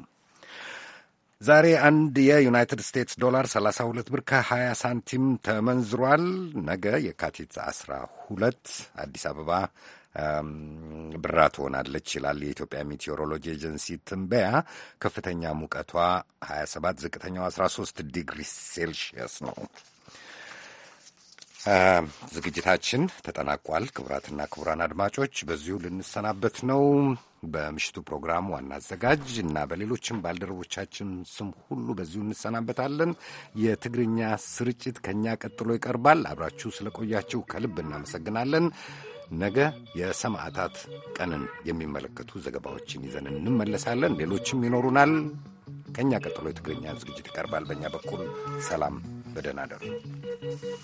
ዛሬ አንድ የዩናይትድ ስቴትስ ዶላር 32 ብር ከ20 ሳንቲም ተመንዝሯል። ነገ የካቲት 12 አዲስ አበባ ብራ ትሆናለች ይላል የኢትዮጵያ ሜቴዎሮሎጂ ኤጀንሲ ትንበያ። ከፍተኛ ሙቀቷ 27፣ ዝቅተኛው 13 ዲግሪ ሴልሺየስ ነው። ዝግጅታችን ተጠናቋል። ክቡራትና ክቡራን አድማጮች በዚሁ ልንሰናበት ነው። በምሽቱ ፕሮግራም ዋና አዘጋጅ እና በሌሎችም ባልደረቦቻችን ስም ሁሉ በዚሁ እንሰናበታለን። የትግርኛ ስርጭት ከእኛ ቀጥሎ ይቀርባል። አብራችሁ ስለቆያችሁ ከልብ እናመሰግናለን። ነገ የሰማዕታት ቀንን የሚመለከቱ ዘገባዎችን ይዘን እንመለሳለን። ሌሎችም ይኖሩናል። ከእኛ ቀጥሎ የትግርኛ ዝግጅት ይቀርባል። በእኛ በኩል ሰላም፣ በደህና አደሩ።